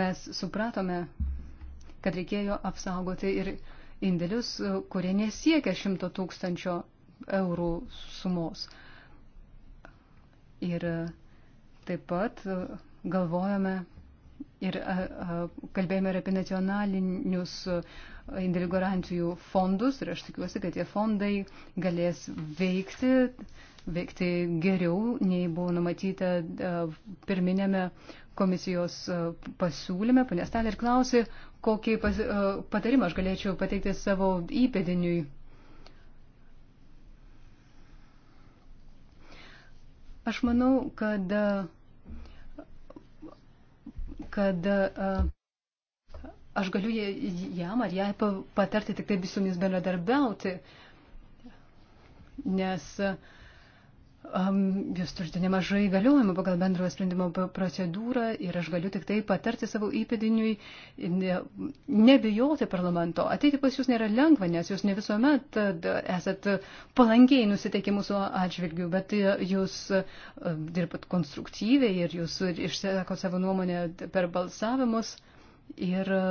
Mes supratome, kad reikėjo apsaugoti ir indėlius, e, kurie nesiekia 100 tūkstančio eurų sumos. Ir e, taip pat e, galvojame ir kalbėjome ir apie nacionalinius indėlių garantijų fondus ir aš tikiuosi, kad tie fondai galės veikti, veikti geriau, nei buvo numatyta e, pirminėme komisijos e, pasiūlyme. Pane Stalė ir klausė, kokį e, patarimą aš galėčiau pateikti savo įpėdiniui. Aš manau, kad, kad aš galiu jam ar jai patarti tik taip visumis bendradarbiauti, nes um, jūs turite nemažai galiojimų pagal bendrojo sprendimo procedūrą ir aš galiu tik tai patarti savo įpėdiniui ne, nebijoti parlamento. Ateiti pas jūs nėra lengva, nes jūs ne visuomet esat palankiai nusiteikę mūsų atžvilgių, bet e, jūs e, dirbat konstruktyviai ir jūs išsakot savo nuomonę per balsavimus. Uh, Ir e,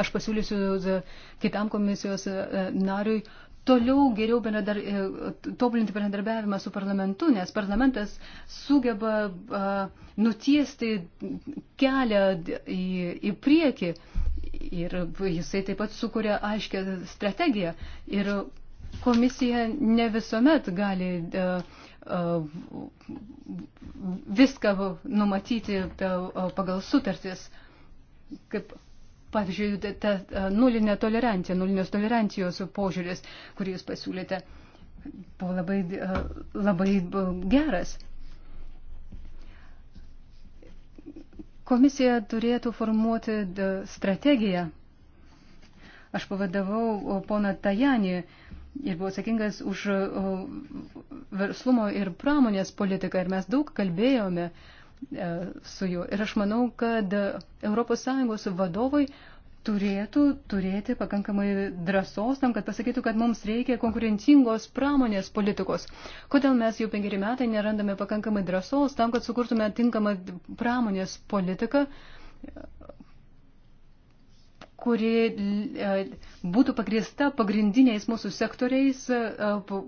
aš pasiūlysiu e, kitam komisijos e, nariui toliau geriau benedar, tobulinti bendradarbiavimą su parlamentu, nes parlamentas sugeba uh, nutiesti kelią į, į priekį ir jisai taip pat sukuria aiškę strategiją. Ir komisija ne visuomet gali uh, viską numatyti pagal sutartis, kaip pavyzdžiui, ta nulinė tolerancija, nulinės tolerancijos požiūris, kurį jūs pasiūlėte, buvo labai, labai geras. Komisija turėtų formuoti strategiją. Aš pavadavau poną Tajanį ir buvo atsakingas už verslumo ir pramonės politiką. Ir mes daug kalbėjome e, su juo. Ir aš manau, kad ES vadovai turėtų turėti pakankamai drąsos tam, kad pasakytų, kad mums reikia konkurencingos pramonės politikos. Kodėl mes jau penkeri metai nerandame pakankamai drąsos tam, kad sukurtume tinkamą pramonės politiką, kuri e, būtų pagrįsta pagrindiniais mūsų sektoriais, e,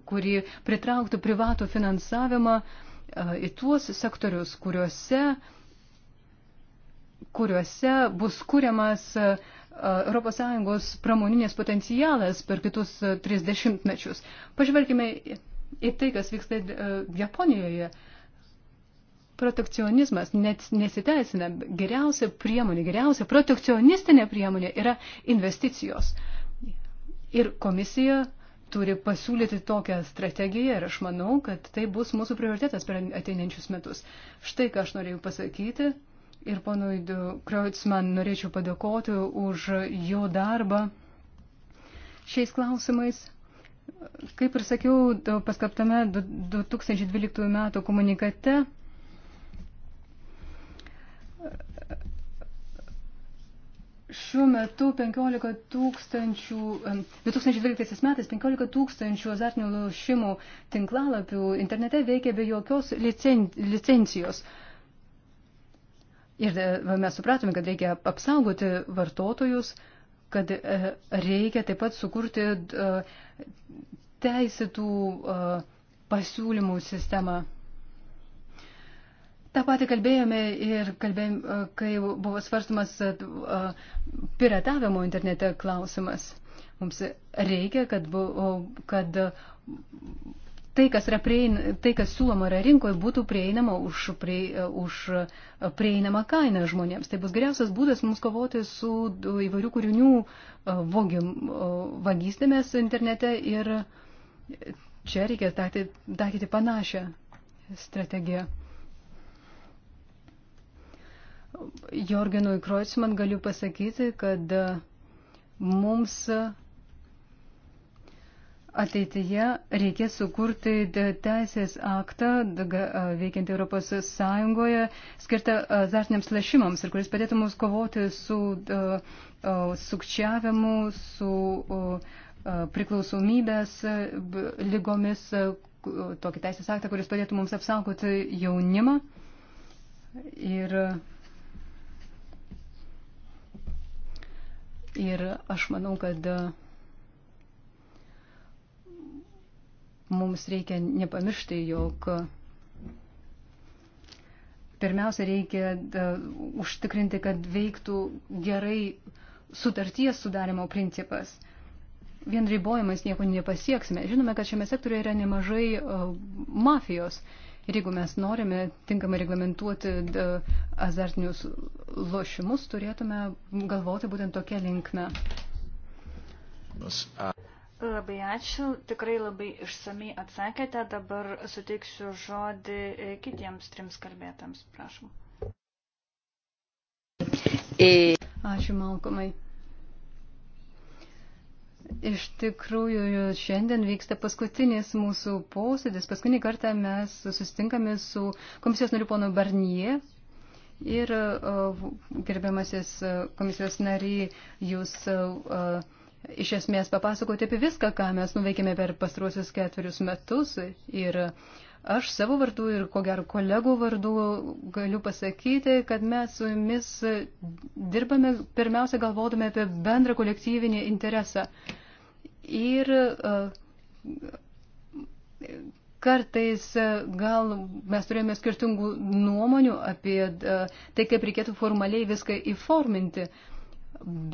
kuri pritrauktų privatų finansavimą e, į tuos sektorius, kuriuose, kuriuose bus kuriamas ES pramoninės potencialas per kitus 30 mečius. Pažvelkime į tai, kas vyksta Japonijoje protekcionizmas net nesiteisina. Geriausia priemonė, geriausia protekcionistinė priemonė yra investicijos. Ir komisija turi pasiūlyti tokią strategiją ir aš manau, kad tai bus mūsų prioritetas per ateinančius metus. Štai ką aš norėjau pasakyti ir ponui Kreutzmann norėčiau padėkoti už jo darbą šiais klausimais. Kaip ir sakiau, paskaptame 2012 metų komunikate Šiuo metu 15 tūkstančių, 2012 metais 15 tūkstančių azartinių lošimų tinklalapių internete veikia be jokios licen, licencijos. Ir e, mes supratome, kad reikia apsaugoti vartotojus, kad e, reikia taip pat sukurti e, teisėtų pasiūlymų sistemą. Ta patį kalbėjome ir kalbėjome, kai buvo svarstumas e, e, piratavimo internete klausimas. Mums reikia, kad, bu, kad tai, kas, yra prieina, tai, kas siūloma yra rinkoje, būtų prieinama už, prie, e, už prieinamą kainą žmonėms. Tai bus geriausias būdas mums kovoti su įvairių kūrinių vogim, vagystėmis internete ir čia reikia taikyti panašią strategiją. Jorgenui Kroitsman galiu pasakyti, kad e, mums ateityje reikės sukurti teisės aktą e, veikiant Europos Sąjungoje skirtą azartiniams e, lašimams ir kuris padėtų mums kovoti su sukčiavimu, su priklausomybės lygomis, tokį teisės aktą, kuris padėtų mums apsaugoti jaunimą. Ir Ir aš manau, kad e, mums reikia nepamiršti, jog pirmiausia reikia e, užtikrinti, kad veiktų gerai sutarties sudarimo principas. Vien ribojimais nieko nepasieksime. Žinome, kad šiame sektoriuje yra nemažai e, mafijos. Uh, Ir jeigu mes norime tinkamai reglamentuoti e, azartinius lošimus, turėtume galvoti būtent tokią linkmę.
Labai ačiū, tikrai labai išsamei atsakėte, dabar suteiksiu žodį e, kitiems trims kalbėtams, prašom.
E-
ačiū, Malkomai. Iš tikrųjų, šiandien vyksta paskutinis mūsų posėdis. Paskutinį kartą mes susitinkame su komisijos nariu ponu Barnie. Ir gerbiamasis komisijos nary, jūs iš esmės papasakote apie viską, ką mes nuveikėme per pastruosius ketverius metus. Ir uh, Aš savo vardu ir ko gero kolegų vardu galiu pasakyti, kad mes su jumis dirbame pirmiausia galvodami apie bendrą kolektyvinį interesą. Ir e, kartais e, gal mes turėjome skirtingų nuomonių apie e, tai, kaip reikėtų formaliai viską įforminti.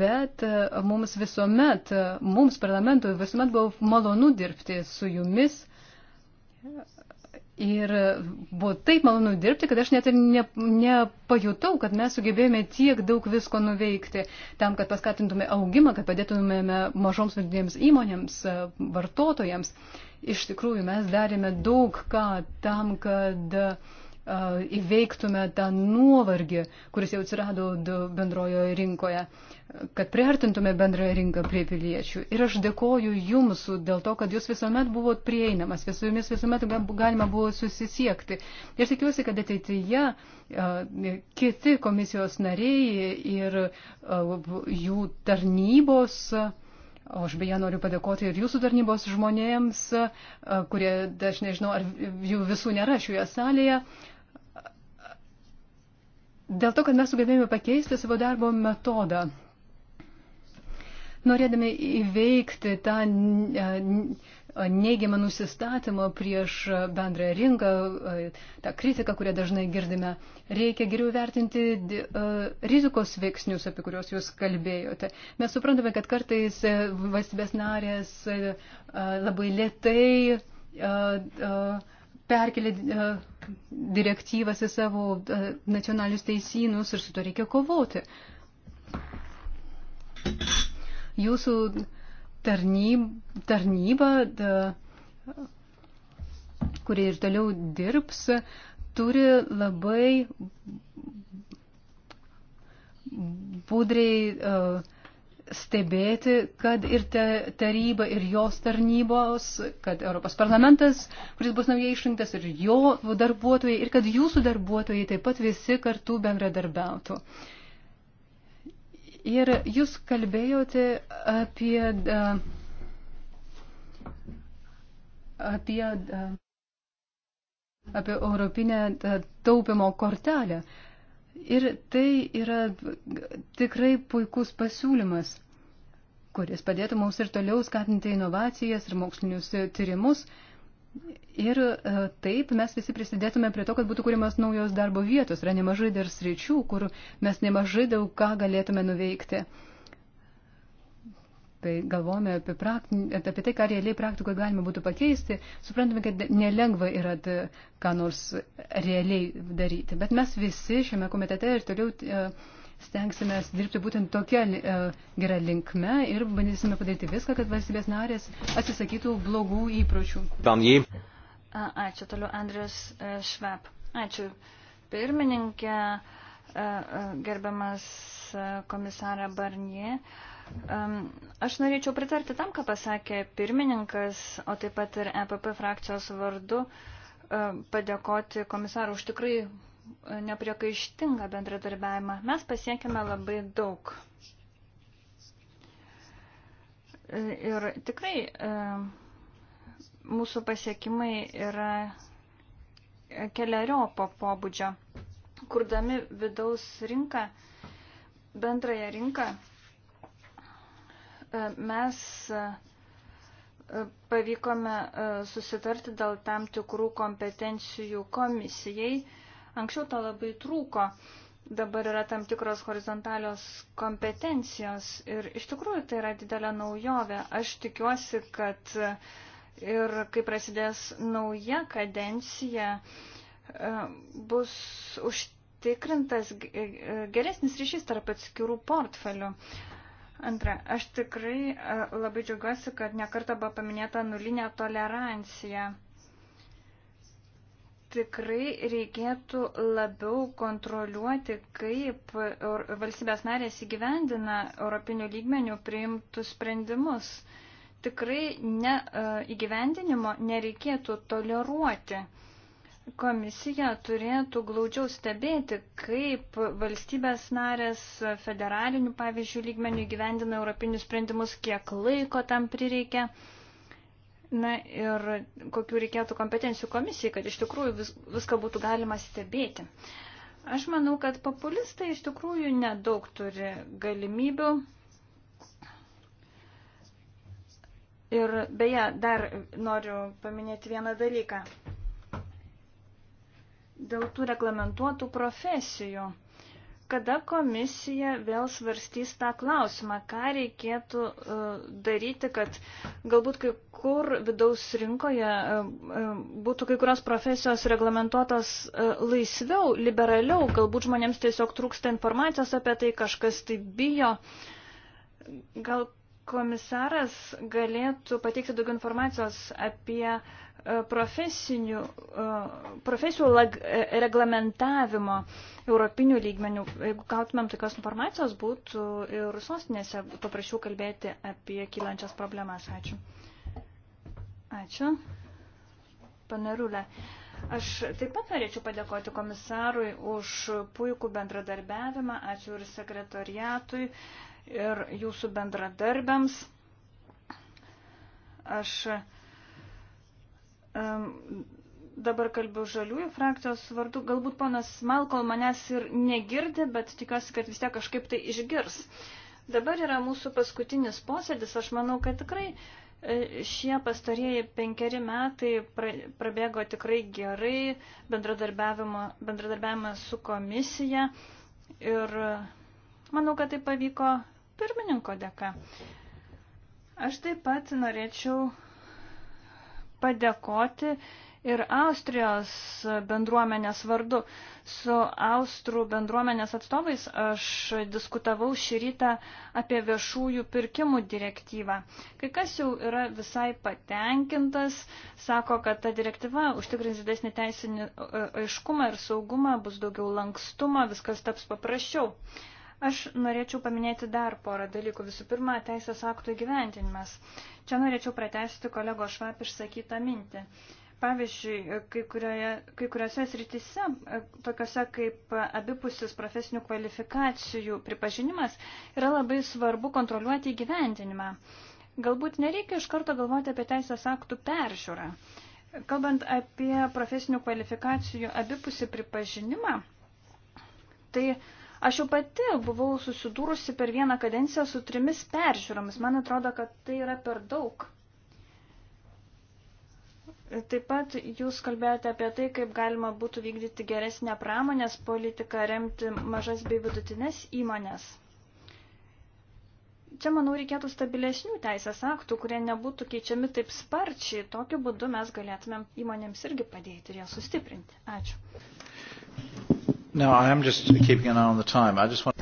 Bet mums visuomet, mums parlamentui visuomet buvo malonu dirbti su jumis Ir buvo taip malonu dirbti, kad aš net ir ne, nepajutau, kad mes sugebėjome tiek daug visko nuveikti tam, kad paskatintume augimą, kad padėtumėme mažoms vidinėms įmonėms, e, vartotojams. Iš tikrųjų, mes darėme daug ką tam, kad uh, įveiktume tą nuovargį, kuris jau atsirado bendrojoje rinkoje, kad priartintume bendrąją rinką prie piliečių. Ir aš dėkoju Jums dėl to, kad Jūs visuomet buvot prieinamas, su Jumis visuomet galima buvo susisiekti. Ir tikiuosi, kad ateityje kiti komisijos nariai ir jų tarnybos O aš beje noriu padėkoti ir jūsų tarnybos žmonėms, kurie, aš nežinau, ar jų visų nėra šioje salėje, Dėl to, kad mes sugebėjome pakeisti savo darbo metodą, norėdami įveikti tą e, neigiamą nusistatymą prieš bendrąją rinką, e, tą kritiką, kurią dažnai girdime, reikia geriau vertinti e, rizikos veiksnius, apie kuriuos jūs kalbėjote. Mes suprantame, kad kartais valstybės narės labai lietai perkelė e, direktyvas į savo e, nacionalinius teisynus ir su to reikia kovoti. Jūsų tarnyb, tarnyba, da, e, kurie ir toliau dirbs, turi labai budriai uh, stebėti, kad ir taryba, ir jos tarnybos, kad Europos parlamentas, kuris bus naujai išrinktas, ir jo darbuotojai, ir kad jūsų darbuotojai taip pat visi kartu bendradarbiautų. Ir jūs kalbėjote apie. apie apie Europinę taupimo kortelę. Uh, Ir tai yra tikrai puikus pasiūlymas, kuris padėtų mums ir toliau skatinti inovacijas ir mokslinius tyrimus. Ir e, taip mes visi prisidėtume prie to, kad būtų kūrimas naujos darbo vietos. Yra nemažai dar sričių, kur mes nemažai daug ką galėtume nuveikti apie, galvojame apie, praktin, apie tai, ką realiai praktikoje galima būtų pakeisti, suprantame, kad nelengva yra ką nors realiai daryti. Bet mes visi šiame komitete ir toliau e, stengsime dirbti būtent tokia e, gera linkme ir bandysime padaryti viską, kad valstybės narės atsisakytų
blogų įpročių. Danijai. Ačiū toliau, Andrius e, Švep. Ačiū. Pirmininkė, gerbiamas komisarė Barnie. Aš norėčiau pritarti tam, ką pasakė pirmininkas, o taip pat ir EPP frakcijos vardu padėkoti komisarų už tikrai e, nepriekaištingą bendradarbiavimą. Mes pasiekime labai daug. E, ir tikrai mūsų pasiekimai yra keliariopo pobūdžio. Kurdami vidaus rinką, bendrąją rinką, E, mes e, pavykome e, susitarti dėl tam tikrų kompetencijų komisijai. Anksčiau to labai trūko. Dabar yra tam tikros horizontalios kompetencijos ir iš tikrųjų tai yra didelė naujovė. Aš tikiuosi, kad ir kai prasidės nauja kadencija, bus užtikrintas geresnis ryšys tarp atskirų portfelių. Antra, aš tikrai e, labai džiaugiuosi, kad nekarta buvo paminėta nulinė tolerancija. Tikrai reikėtų labiau kontroliuoti, kaip valstybės narės įgyvendina europinių lygmenių priimtų sprendimus. Tikrai ne, e, įgyvendinimo nereikėtų toleruoti. Komisija turėtų glaudžiau stebėti, kaip valstybės narės federalinių, pavyzdžių, lygmenių gyvendina europinius sprendimus, kiek laiko tam prireikia. Na ir kokiu reikėtų kompetencijų komisijai, kad iš tikrųjų vis, viską būtų galima stebėti. Aš manau, kad populistai iš tikrųjų nedaug turi galimybių. Ir beje, dar noriu paminėti vieną dalyką dėl tų reglamentuotų profesijų. Kada komisija vėl svarstys tą klausimą, ką reikėtų e, daryti, kad galbūt kai kur vidaus rinkoje e, e, būtų kai kurios profesijos reglamentuotos laisviau, liberaliau, galbūt žmonėms tiesiog trūksta informacijos apie tai, kažkas tai bijo. Gal komisaras galėtų pateikti daugiau informacijos apie uh, E, e, profesijų lag, e, reglamentavimo europinių lygmenių. Jeigu gautumėm tokios informacijos, būtų ir sostinėse paprašiau kalbėti apie kylančias problemas. Ačiū. Ačiū. Panerulė. Aš taip pat norėčiau padėkoti komisarui už puikų bendradarbiavimą. Ačiū ir sekretoriatui, ir jūsų bendradarbiams. Aš dabar kalbiu žaliųjų frakcijos vardu. Galbūt ponas Malkol manęs ir negirdi, bet tikiuosi, kad vis tiek kažkaip tai išgirs. Dabar yra mūsų paskutinis posėdis. Aš manau, kad tikrai e, šie pastarieji penkeri metai prabėgo tikrai gerai bendradarbiavimą su komisija ir e, manau, kad tai pavyko pirmininko dėka. Aš taip pat norėčiau padėkoti ir Austrijos bendruomenės vardu. Su Austrų bendruomenės atstovais aš diskutavau šį rytą apie viešųjų pirkimų direktyvą. Kai kas jau yra visai patenkintas, sako, kad ta direktyva užtikrins didesnį teisinį e, e, aiškumą ir saugumą, bus daugiau lankstumo, viskas taps paprasčiau. Aš norėčiau paminėti dar porą dalykų. Visų pirma, teisės aktų įgyventinimas. Čia norėčiau pratesti kolego Švap išsakytą mintį. Pavyzdžiui, kai, kurioje, kai kuriuose srityse, e, tokiuose kaip abipusis profesinių kvalifikacijų pripažinimas, yra labai svarbu kontroliuoti įgyvendinimą. Galbūt nereikia iš karto galvoti apie teisės aktų peržiūrą. Kalbant apie profesinių kvalifikacijų abipusį pripažinimą, tai uh, Aš jau pati buvau susidūrusi per vieną kadenciją su trimis peržiūromis. Man atrodo, kad tai yra per daug. Taip pat jūs kalbėjote apie tai, kaip galima būtų vykdyti geresnę pramonės politiką, remti mažas bei vidutinės įmonės. Čia, manau, reikėtų stabilesnių teisės aktų, kurie nebūtų keičiami taip sparčiai. Tokiu būdu mes galėtumėm įmonėms irgi padėti ir jas sustiprinti. Ačiū. No, want...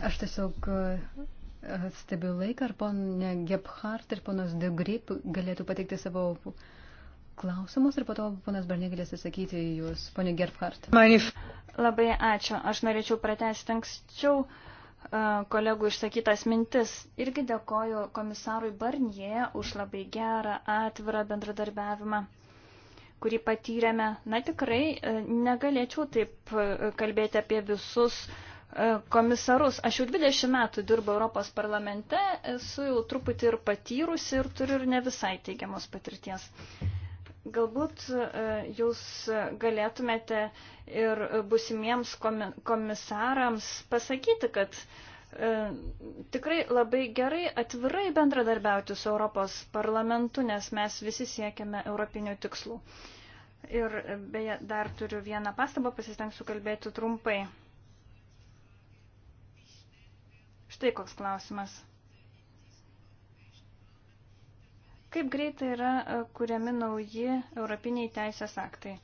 Aš tiesiog e, stebiu laiką, ar ponė Gebhardt ir ponas De Grip galėtų pateikti savo klausimus ir po to ponas Barnė galės atsakyti jūs, ponė Gebhardt. Manif.
Labai ačiū. Aš norėčiau pratesti anksčiau e, kolegų išsakytas mintis. Irgi dėkoju komisarui Barnie už labai gerą atvirą bendradarbiavimą kurį patyrėme. Na tikrai e, negalėčiau taip e, kalbėti apie visus e, komisarus. Aš jau 20 metų dirbu Europos parlamente, esu jau truputį ir patyrusi ir turiu ir ne visai teigiamos patirties. Galbūt jūs galėtumėte ir busimiems komisarams pasakyti, kad tikrai labai gerai atvirai bendradarbiauti su Europos parlamentu, nes mes visi siekiame europinių tikslų. Ir beje, dar turiu vieną pastabą, pasistengsiu kalbėti trumpai. Štai koks klausimas. Kaip greitai yra e, kuriami nauji europiniai teisės aktai?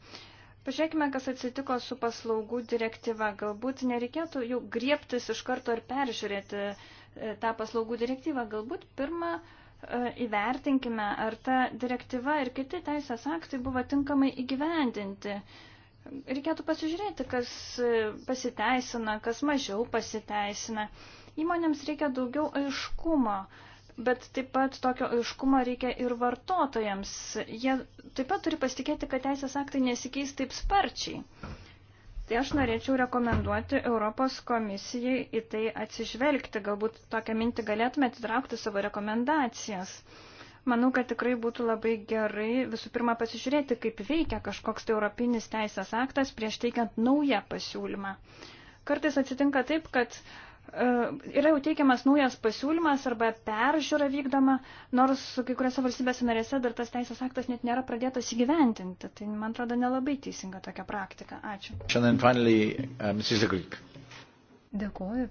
Pažiūrėkime, kas atsitiko su paslaugų direktyva. Galbūt nereikėtų jau griebtis iš karto ir peržiūrėti e, tą paslaugų direktyvą. Galbūt pirmą uh, E, įvertinkime, ar ta direktyva ir kiti teisės aktai buvo tinkamai įgyvendinti. Reikėtų pasižiūrėti, kas e, pasiteisina, kas mažiau pasiteisina. Įmonėms reikia daugiau aiškumo, bet taip pat tokio aiškumo reikia ir vartotojams. Jie taip pat turi pasitikėti, kad teisės aktai nesikeis taip sparčiai. Tai aš norėčiau rekomenduoti Europos komisijai į tai atsižvelgti. Galbūt tokią mintį galėtume atitraukti savo rekomendacijas. Manau, kad tikrai būtų labai gerai visų pirma pasižiūrėti, kaip veikia kažkoks tai europinis teisės aktas prieš teikiant naują pasiūlymą. Kartais atsitinka taip, kad uh, yra jau teikiamas naujas pasiūlymas arba peržiūra vykdoma, nors kai kuriuose valstybėse narėse dar tas teisės aktas net nėra pradėtas įgyventinti. Tai, man atrodo, nelabai teisinga tokia praktika. Ačiū. Šiandien finally, uh, Mrs. Legryp.
Dėkuoju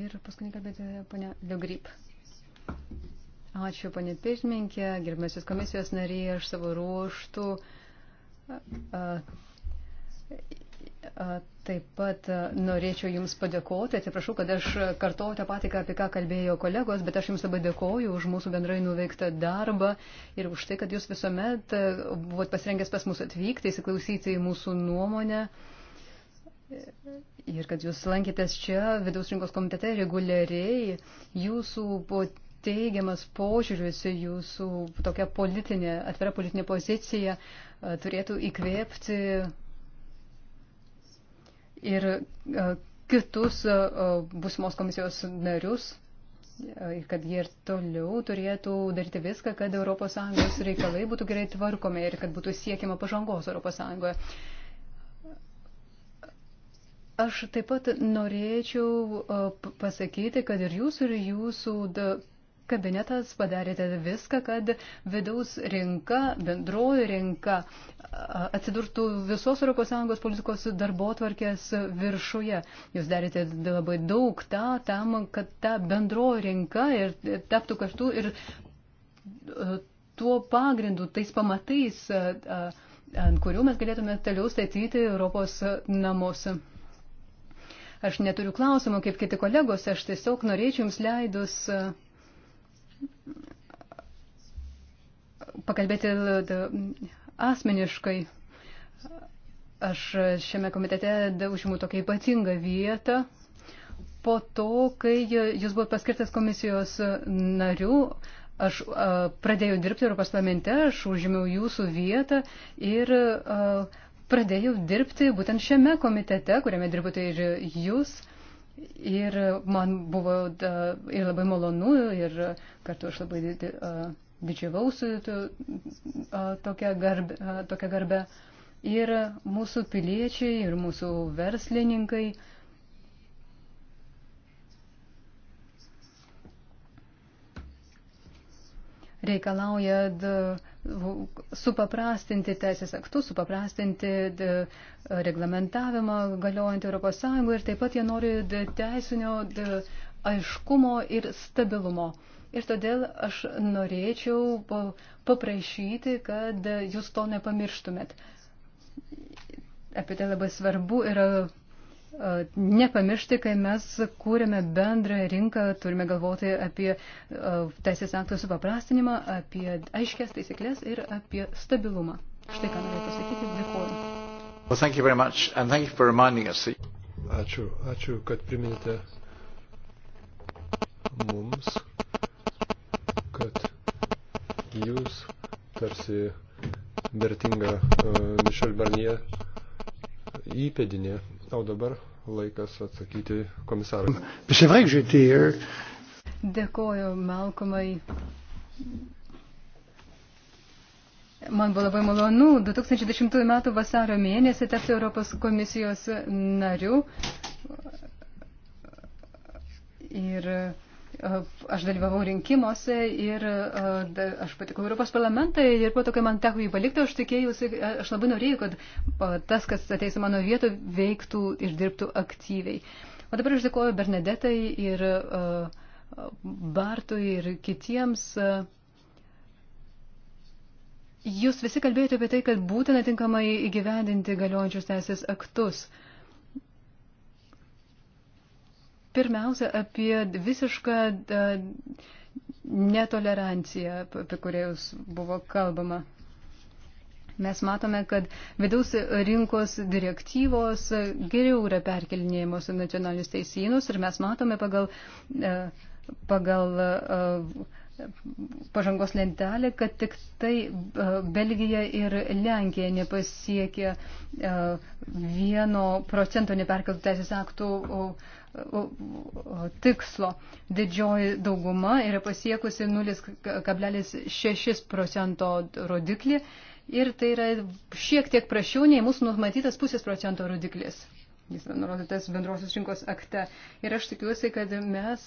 ir paskutinį kalbėti,
ponia Legryp.
Ačiū, ponia Pirmininkė, gerbiamasis komisijos nariai, aš savo ruoštų. Uh, Taip pat norėčiau Jums padėkoti, atsiprašau, kad aš kartuoju tą patį, apie ką kalbėjo kolegos, bet aš Jums labai dėkoju už mūsų bendrai nuveiktą darbą ir už tai, kad Jūs visuomet buvot pasirengęs pas mus atvykti, įsiklausyti į mūsų nuomonę. Ir kad Jūs lankėtės čia vidaus rinkos komitete reguliariai, Jūsų teigiamas požiūris, Jūsų tokia politinė, atvira politinė pozicija turėtų įkvėpti ir e, kitus e, e, būsimos komisijos narius, ir kad jie ir toliau turėtų daryti viską, kad ES reikalai būtų gerai tvarkomi ir kad būtų siekiama pažangos ES. Aš taip pat norėčiau pasakyti, kad ir jūs ir jūsų kabinetas padarėte viską, kad vidaus rinka, bendroji rinka atsidurtų visos ES politikos darbo tvarkės viršuje. Jūs darėte labai daug tą, tam, kad ta bendroji rinka ir taptų kartu ir tuo pagrindu, tais pamatais, ant kurių mes galėtume toliau statyti Europos namus. Aš neturiu klausimų kaip kiti kolegos, aš tiesiog norėčiau jums leidus pakalbėti asmeniškai. Aš šiame komitete užimu tokią ypatingą vietą. Po to, kai jūs buvo paskirtas komisijos narių, aš a, pradėjau dirbti Europos parlamente, aš užėmiau jūsų vietą ir a, pradėjau dirbti būtent šiame komitete, kuriame dirbote ir jūs. Ir man buvo da, ir labai malonu, ir kartu aš labai didžiavausi tokią garbę. Tokia garbę. Ir mūsų piliečiai, ir mūsų verslininkai, uh, reikalauja supaprastinti teisės aktus, supaprastinti reglamentavimą galiojant ES ir taip pat jie nori teisinio aiškumo ir stabilumo. Ir todėl aš norėčiau paprašyti, kad jūs to nepamirštumėt. Apie tai labai svarbu yra nepamiršti, kai mes kūrėme bendrą rinką, turime galvoti apie e, teisės aktų supaprastinimą, apie aiškės taisyklės ir apie stabilumą. Štai ką noriu pasakyti. Dėkuoju.
Well, thank you very much, and thank you for reminding us.
Ačiū, ačiū, kad priminėte mums, kad jūs tarsi vertinga uh, Mišel Barnie įpėdinė Na, o dabar laikas atsakyti komisarui. Euh,
Dėkoju, Malkomai. Man buvo labai malonu 2010 m. vasario mėnesį tapti Europos komisijos nariu. Ir Aš dalyvavau rinkimuose ir aš patikau Europos parlamentą ir po to, kai man teko jį palikti, aš tikėjausi, aš labai norėjau, kad tas, kas ateis mano vietų, veiktų ir dirbtų aktyviai. O dabar aš dėkoju Bernadetai ir Bartui ir kitiems. Jūs visi kalbėjote apie tai, kad būtina tinkamai įgyvendinti galiojančius teisės aktus. Uh, Pirmiausia, apie visišką e, netoleranciją, apie kurią jūs buvo kalbama. Mes matome, kad vidaus rinkos direktyvos geriau yra perkelinėjimos į nacionalinius teisynus ir mes matome pagal, e, pagal e, pažangos lentelę, kad tik tai Belgija ir Lenkija nepasiekė vieno procento neperkeltų teisės aktų tikslo. Didžioji dauguma yra pasiekusi 0,6 procento rodiklį ir tai yra šiek tiek prašiau nei mūsų numatytas pusės procento rodiklis. Jis nurodytas bendrosios rinkos akte. Ir aš tikiuosi, kad mes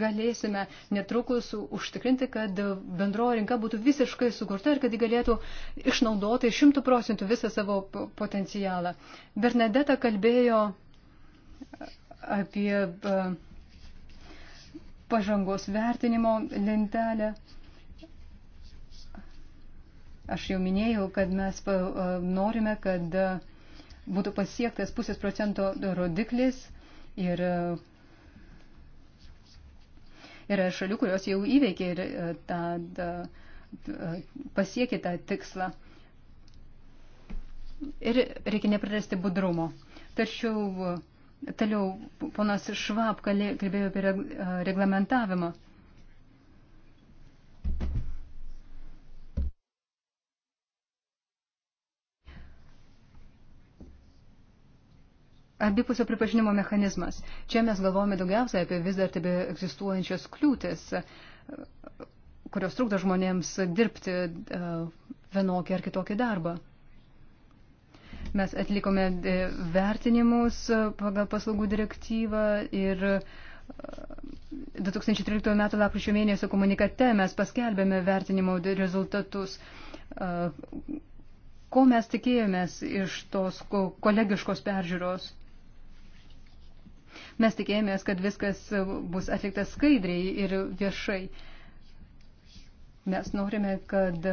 galėsime netrukus užtikrinti, kad bendroji rinka būtų visiškai sukurta ir kad ji galėtų išnaudoti šimtų procentų visą savo potencialą. Bernadeta kalbėjo apie e, pažangos vertinimo lentelę. Aš jau minėjau, kad mes e, norime, kad e, būtų pasiektas pusės procento rodiklis ir yra šalių, kurios jau įveikė ir tą, tą, pasiekė tą tikslą. Ir reikia neprarasti budrumo. Tačiau Toliau ponas Švab kalbėjo apie reglamentavimą. Abipusio pripažinimo mechanizmas. Čia mes galvojame daugiausiai apie vis dar tebe egzistuojančias kliūtis, kurios trukdo žmonėms dirbti vienokį ar kitokį darbą. Mes atlikome e, vertinimus e, pagal paslaugų direktyvą ir 2013 e, m. lapkričio mėnesio komunikate mes paskelbėme vertinimo rezultatus. Ko mes tikėjomės iš tos kolegiškos peržiūros? Mes tikėjomės, kad viskas bus atlikta skaidriai ir viešai. Mes norime, kad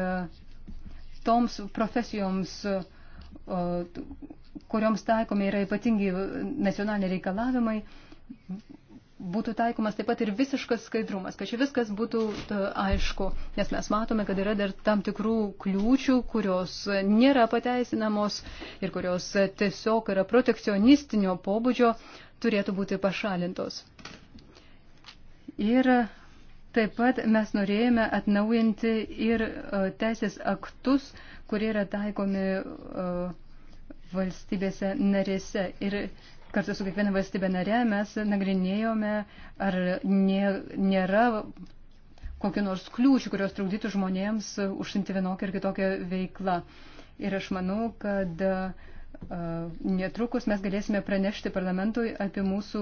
toms profesijoms uh, kurioms taikomi yra ypatingi nacionaliniai reikalavimai, būtų taikomas taip pat ir visiškas skaidrumas, kad čia viskas būtų aišku, nes mes matome, kad yra dar tam tikrų kliūčių, kurios nėra pateisinamos ir kurios tiesiog yra protekcionistinio pobūdžio, turėtų būti pašalintos. Ir Taip pat mes norėjome atnaujinti ir e, teisės aktus, kurie yra taikomi e, valstybėse narėse. Ir kartu su kiekviena valstybė narė mes nagrinėjome, ar nė, nėra kokiu nors kliūčių, kurios trukdytų žmonėms užsimti vienokią ir kitokią veiklą. Ir aš manau, kad uh, netrukus mes galėsime pranešti parlamentui apie mūsų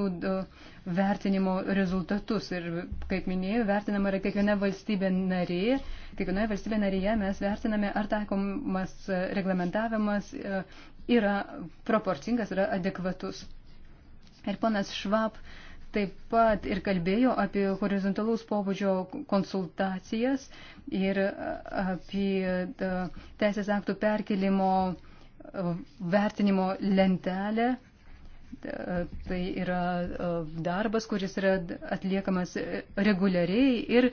vertinimo rezultatus. Ir, kaip minėjau, vertinama yra kiekviena valstybė narė. Kiekvienoje valstybė narėje mes vertiname, ar taikomas reglamentavimas yra proporcingas, yra adekvatus. Ir ponas Švab taip pat ir kalbėjo apie horizontalaus pobūdžio konsultacijas ir apie teisės aktų perkelimo uh, vertinimo lentelė. Tai yra e, darbas, kuris yra atliekamas e, reguliariai ir e,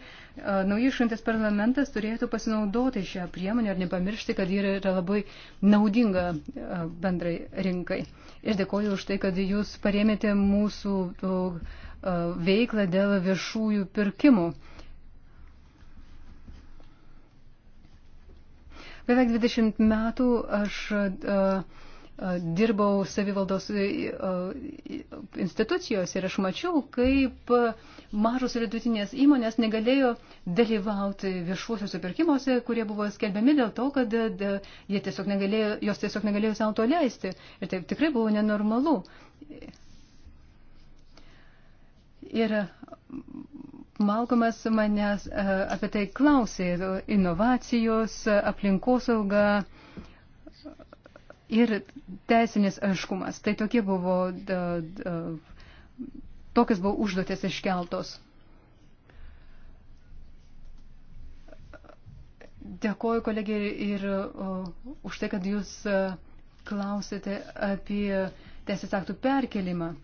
naujai išrinktas parlamentas turėtų pasinaudoti šią priemonę ir nepamiršti, kad ji yra labai naudinga bendrai rinkai. Ir dėkoju už tai, kad jūs paremėte mūsų veiklą dėl viešųjų pirkimų. Beveik 20 metų aš e, e, dirbau savivaldos e, institucijos ir aš mačiau, kaip mažos ir vidutinės įmonės negalėjo dalyvauti viešuosiuose pirkimuose, kurie buvo skelbiami dėl to, kad tiesiog negalėjo, jos tiesiog negalėjo savo to leisti. Ir tai tikrai buvo nenormalu. Ir Malkomas manęs e, apie tai klausė - inovacijos, aplinkosauga ir teisinis aiškumas. Tai tokie buvo, da, da, tokias buvo užduotis iškeltos. Dėkoju kolegiai ir o, už tai, kad jūs e, klausėte apie teisės aktų perkelimą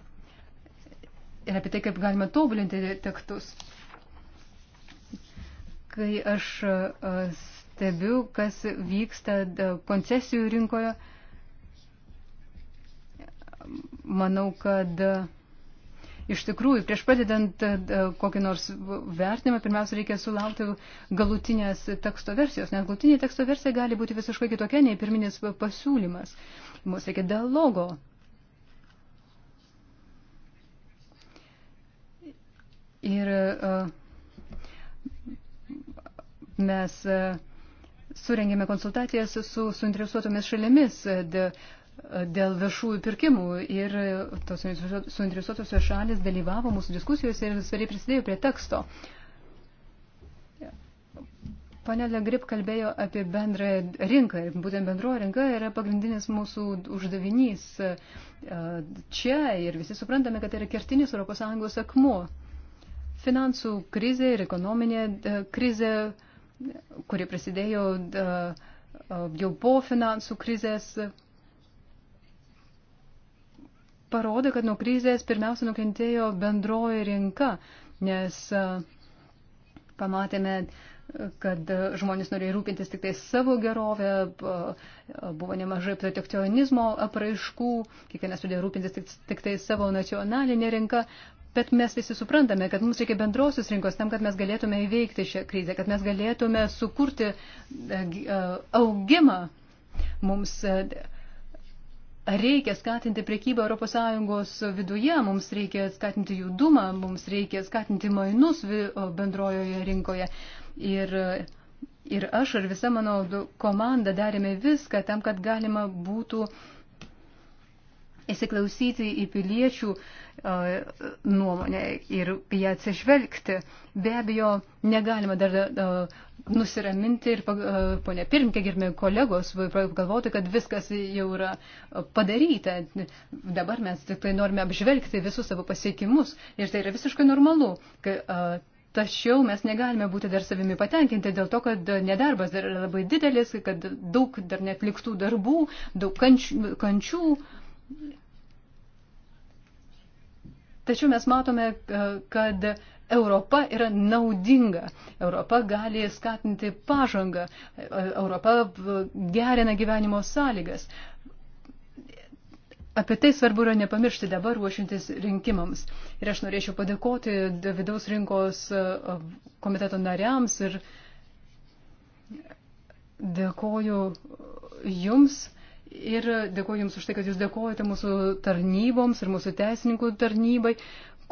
ir apie tai, kaip galime tobulinti tekstus. Kai aš e, stebiu, kas vyksta e, koncesijų rinkoje, manau, kad e, iš tikrųjų prieš pradedant kokį nors vertinimą, pirmiausia, reikia sulaukti galutinės teksto versijos, nes galutinė teksto versija gali būti visiškai kitokia nei pirminis pasiūlymas. Mums reikia dialogo Ir e, mes e, surengėme konsultacijas su suinteresuotomis šalimis e, dėl viešųjų pirkimų ir tos suinteresuotosios šalis dalyvavo mūsų diskusijose ir svariai prisidėjo prie teksto. Pane Legrip kalbėjo apie bendrą rinką ir būtent bendroji rinka yra pagrindinis mūsų uždavinys čia ir visi suprantame, kad tai yra kertinis ES akmuo. Finansų krizė ir ekonominė e, krizė, kuri prasidėjo e, e, jau po finansų krizės, parodė, kad nuo krizės pirmiausia nukentėjo bendroji rinka, nes pamatėme, kad žmonės norėjo rūpintis tik tai savo gerovę, buvo nemažai protekcionizmo apraiškų, kiekvienas pradėjo rūpintis tik, tik tai savo nacionalinė rinka. Bet mes visi suprantame, kad mums reikia bendrosios rinkos tam, kad mes galėtume įveikti šią krizę, kad mes galėtume sukurti e, e, augimą. Mums e, reikia skatinti prekybą ES viduje, mums reikia skatinti judumą, mums reikia skatinti mainus bendrojoje rinkoje. Ir, ir aš ir visa mano komanda darėme viską tam, kad galima būtų uh, įsiklausyti į piliečių nuomonę ir ją atsižvelgti. Be abejo, negalima dar nusiraminti ir, ponė pirmkė, gerbėjai kolegos, galvoti, kad viskas jau yra padaryta. Dabar mes tik tai norime apžvelgti visus savo pasiekimus ir tai yra visiškai normalu. Tačiau mes negalime būti dar savimi patenkinti dėl to, kad nedarbas dar yra labai didelis, kad daug dar netliktų darbų, daug kančių. kančių Tačiau mes matome, e, kad Europa yra naudinga. Europa gali skatinti pažangą. E, Europa gerina gyvenimo sąlygas. Apie tai svarbu yra nepamiršti dabar ruošintis rinkimams. Ir aš norėčiau padėkoti vidaus rinkos e, komiteto nariams ir dėkoju jums. Ir dėkoju Jums už tai, kad Jūs dėkojate mūsų tarnyboms ir mūsų teisininkų tarnybai,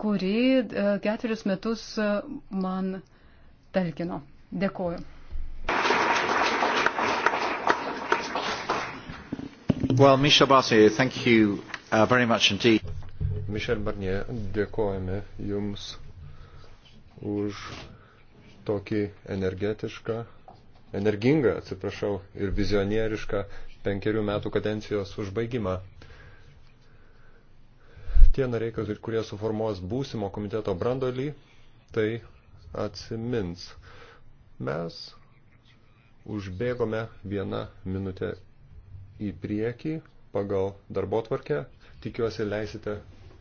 kuri e, ketverius metus e, man talkino. Dėkoju.
Well, Michel Barnier, thank you uh, very much indeed. Michel Barnier, dėkojame Jums už tokį energetišką, energingą, atsiprašau, ir vizionierišką penkerių metų kadencijos užbaigimą. Tie nariai, kurie suformuos būsimo komiteto brandolį, tai atsimins. Mes užbėgome vieną minutę į priekį pagal darbo tvarkę. Tikiuosi leisite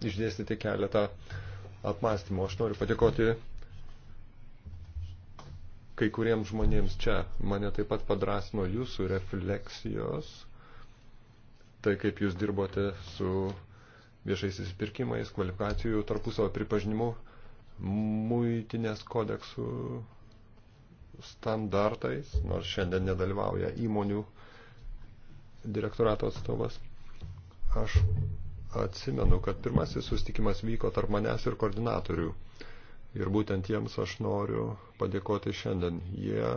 išdėstyti keletą apmąstymų. Aš noriu padėkoti kai kuriems žmonėms čia mane taip pat padrasino jūsų refleksijos, tai kaip jūs dirbote su viešais įsipirkimais, kvalifikacijų tarpusavo pripažinimu, muitinės kodeksų standartais, nors šiandien nedalyvauja įmonių direktorato atstovas. Aš atsimenu, kad pirmasis sustikimas vyko tarp manęs ir koordinatorių. Ir būtent jiems aš noriu padėkoti šiandien. Jie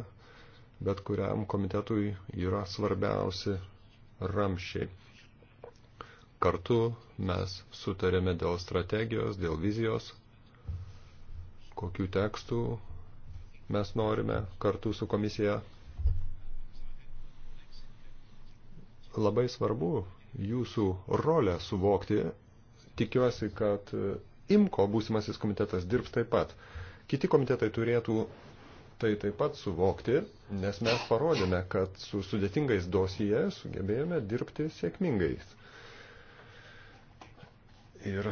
bet kuriam komitetui yra svarbiausi ramšiai. Kartu mes sutarėme dėl strategijos, dėl vizijos, kokių tekstų mes norime kartu su komisija. Labai svarbu jūsų rolę suvokti. Tikiuosi, kad IMKO būsimasis komitetas dirbs taip pat. Kiti komitetai turėtų tai taip pat suvokti, nes mes parodėme, kad su sudėtingais dosije sugebėjome dirbti sėkmingais. Ir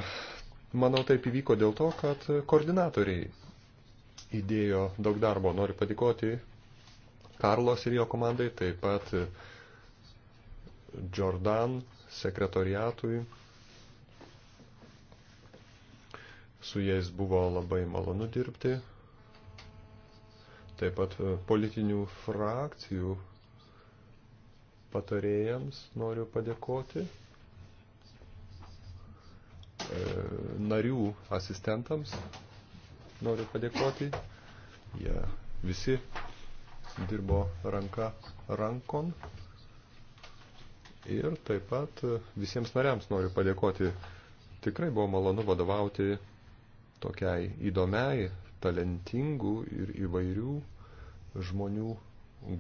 manau taip įvyko dėl to, kad koordinatoriai įdėjo daug darbo. Noriu padėkoti Karlos ir jo komandai, taip pat Jordan sekretoriatui su jais buvo labai malonu dirbti. Taip pat e, politinių frakcijų patarėjams noriu padėkoti. E, narių asistentams noriu padėkoti. Jie visi dirbo ranka rankon. Ir taip pat e, visiems nariams noriu padėkoti. Tikrai buvo malonu vadovauti tokiai įdomiai, talentingų ir įvairių žmonių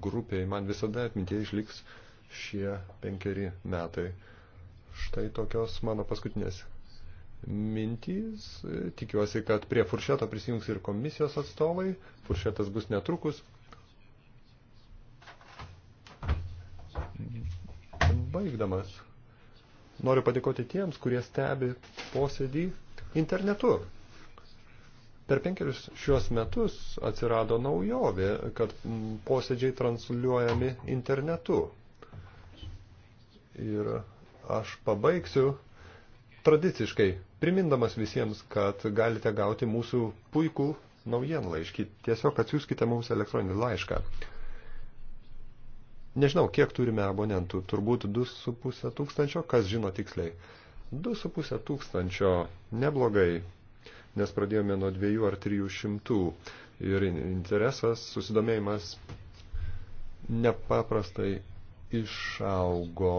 grupiai. Man visada atmintie išliks šie penkeri metai. Štai tokios mano paskutinės mintys. Tikiuosi, kad prie furšeto prisijungs ir komisijos atstovai. Furšetas bus netrukus. Baigdamas, noriu padėkoti tiems, kurie stebi posėdį internetu. Per penkerius šiuos metus atsirado naujovė, kad posėdžiai transliuojami internetu. Ir aš pabaigsiu tradiciškai, primindamas visiems, kad galite gauti mūsų puikų naujienlaiškį. Tiesiog atsiųskite mums elektroninį laišką. Nežinau, kiek turime abonentų, turbūt 2,5 tūkstančio, kas žino tiksliai. 2,5 tūkstančio, neblogai, nes pradėjome nuo dviejų ar trijų šimtų. Ir interesas, susidomėjimas nepaprastai išaugo.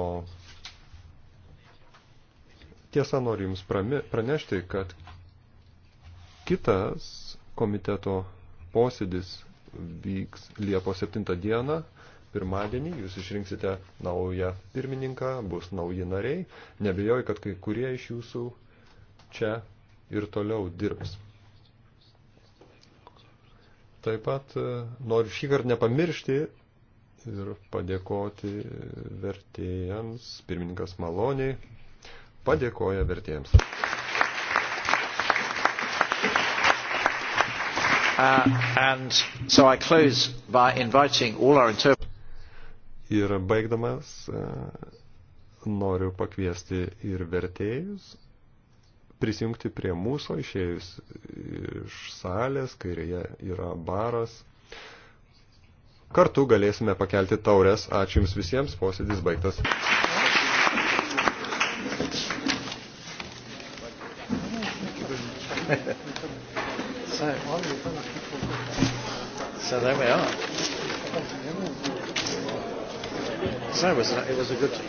Tiesa, noriu Jums pranešti, kad kitas komiteto posėdis vyks Liepos 7 dieną, pirmadienį, Jūs išrinksite naują pirmininką, bus nauji nariai. Nebejoju, kad kai kurie iš Jūsų čia ir toliau dirbs. Taip pat e, noriu šį kartą nepamiršti ir padėkoti vertėjams. Pirmininkas maloniai padėkoja vertėjams. Uh, and so I close by inviting all our interpreters. Ir baigdamas e, noriu pakviesti ir vertėjus prisijungti prie mūsų, išėjus iš salės, kairėje yra baras. Kartu galėsime pakelti taures. Ačiū Jums visiems, posėdis baigtas. so,
so there we are. So it was, it
was a good.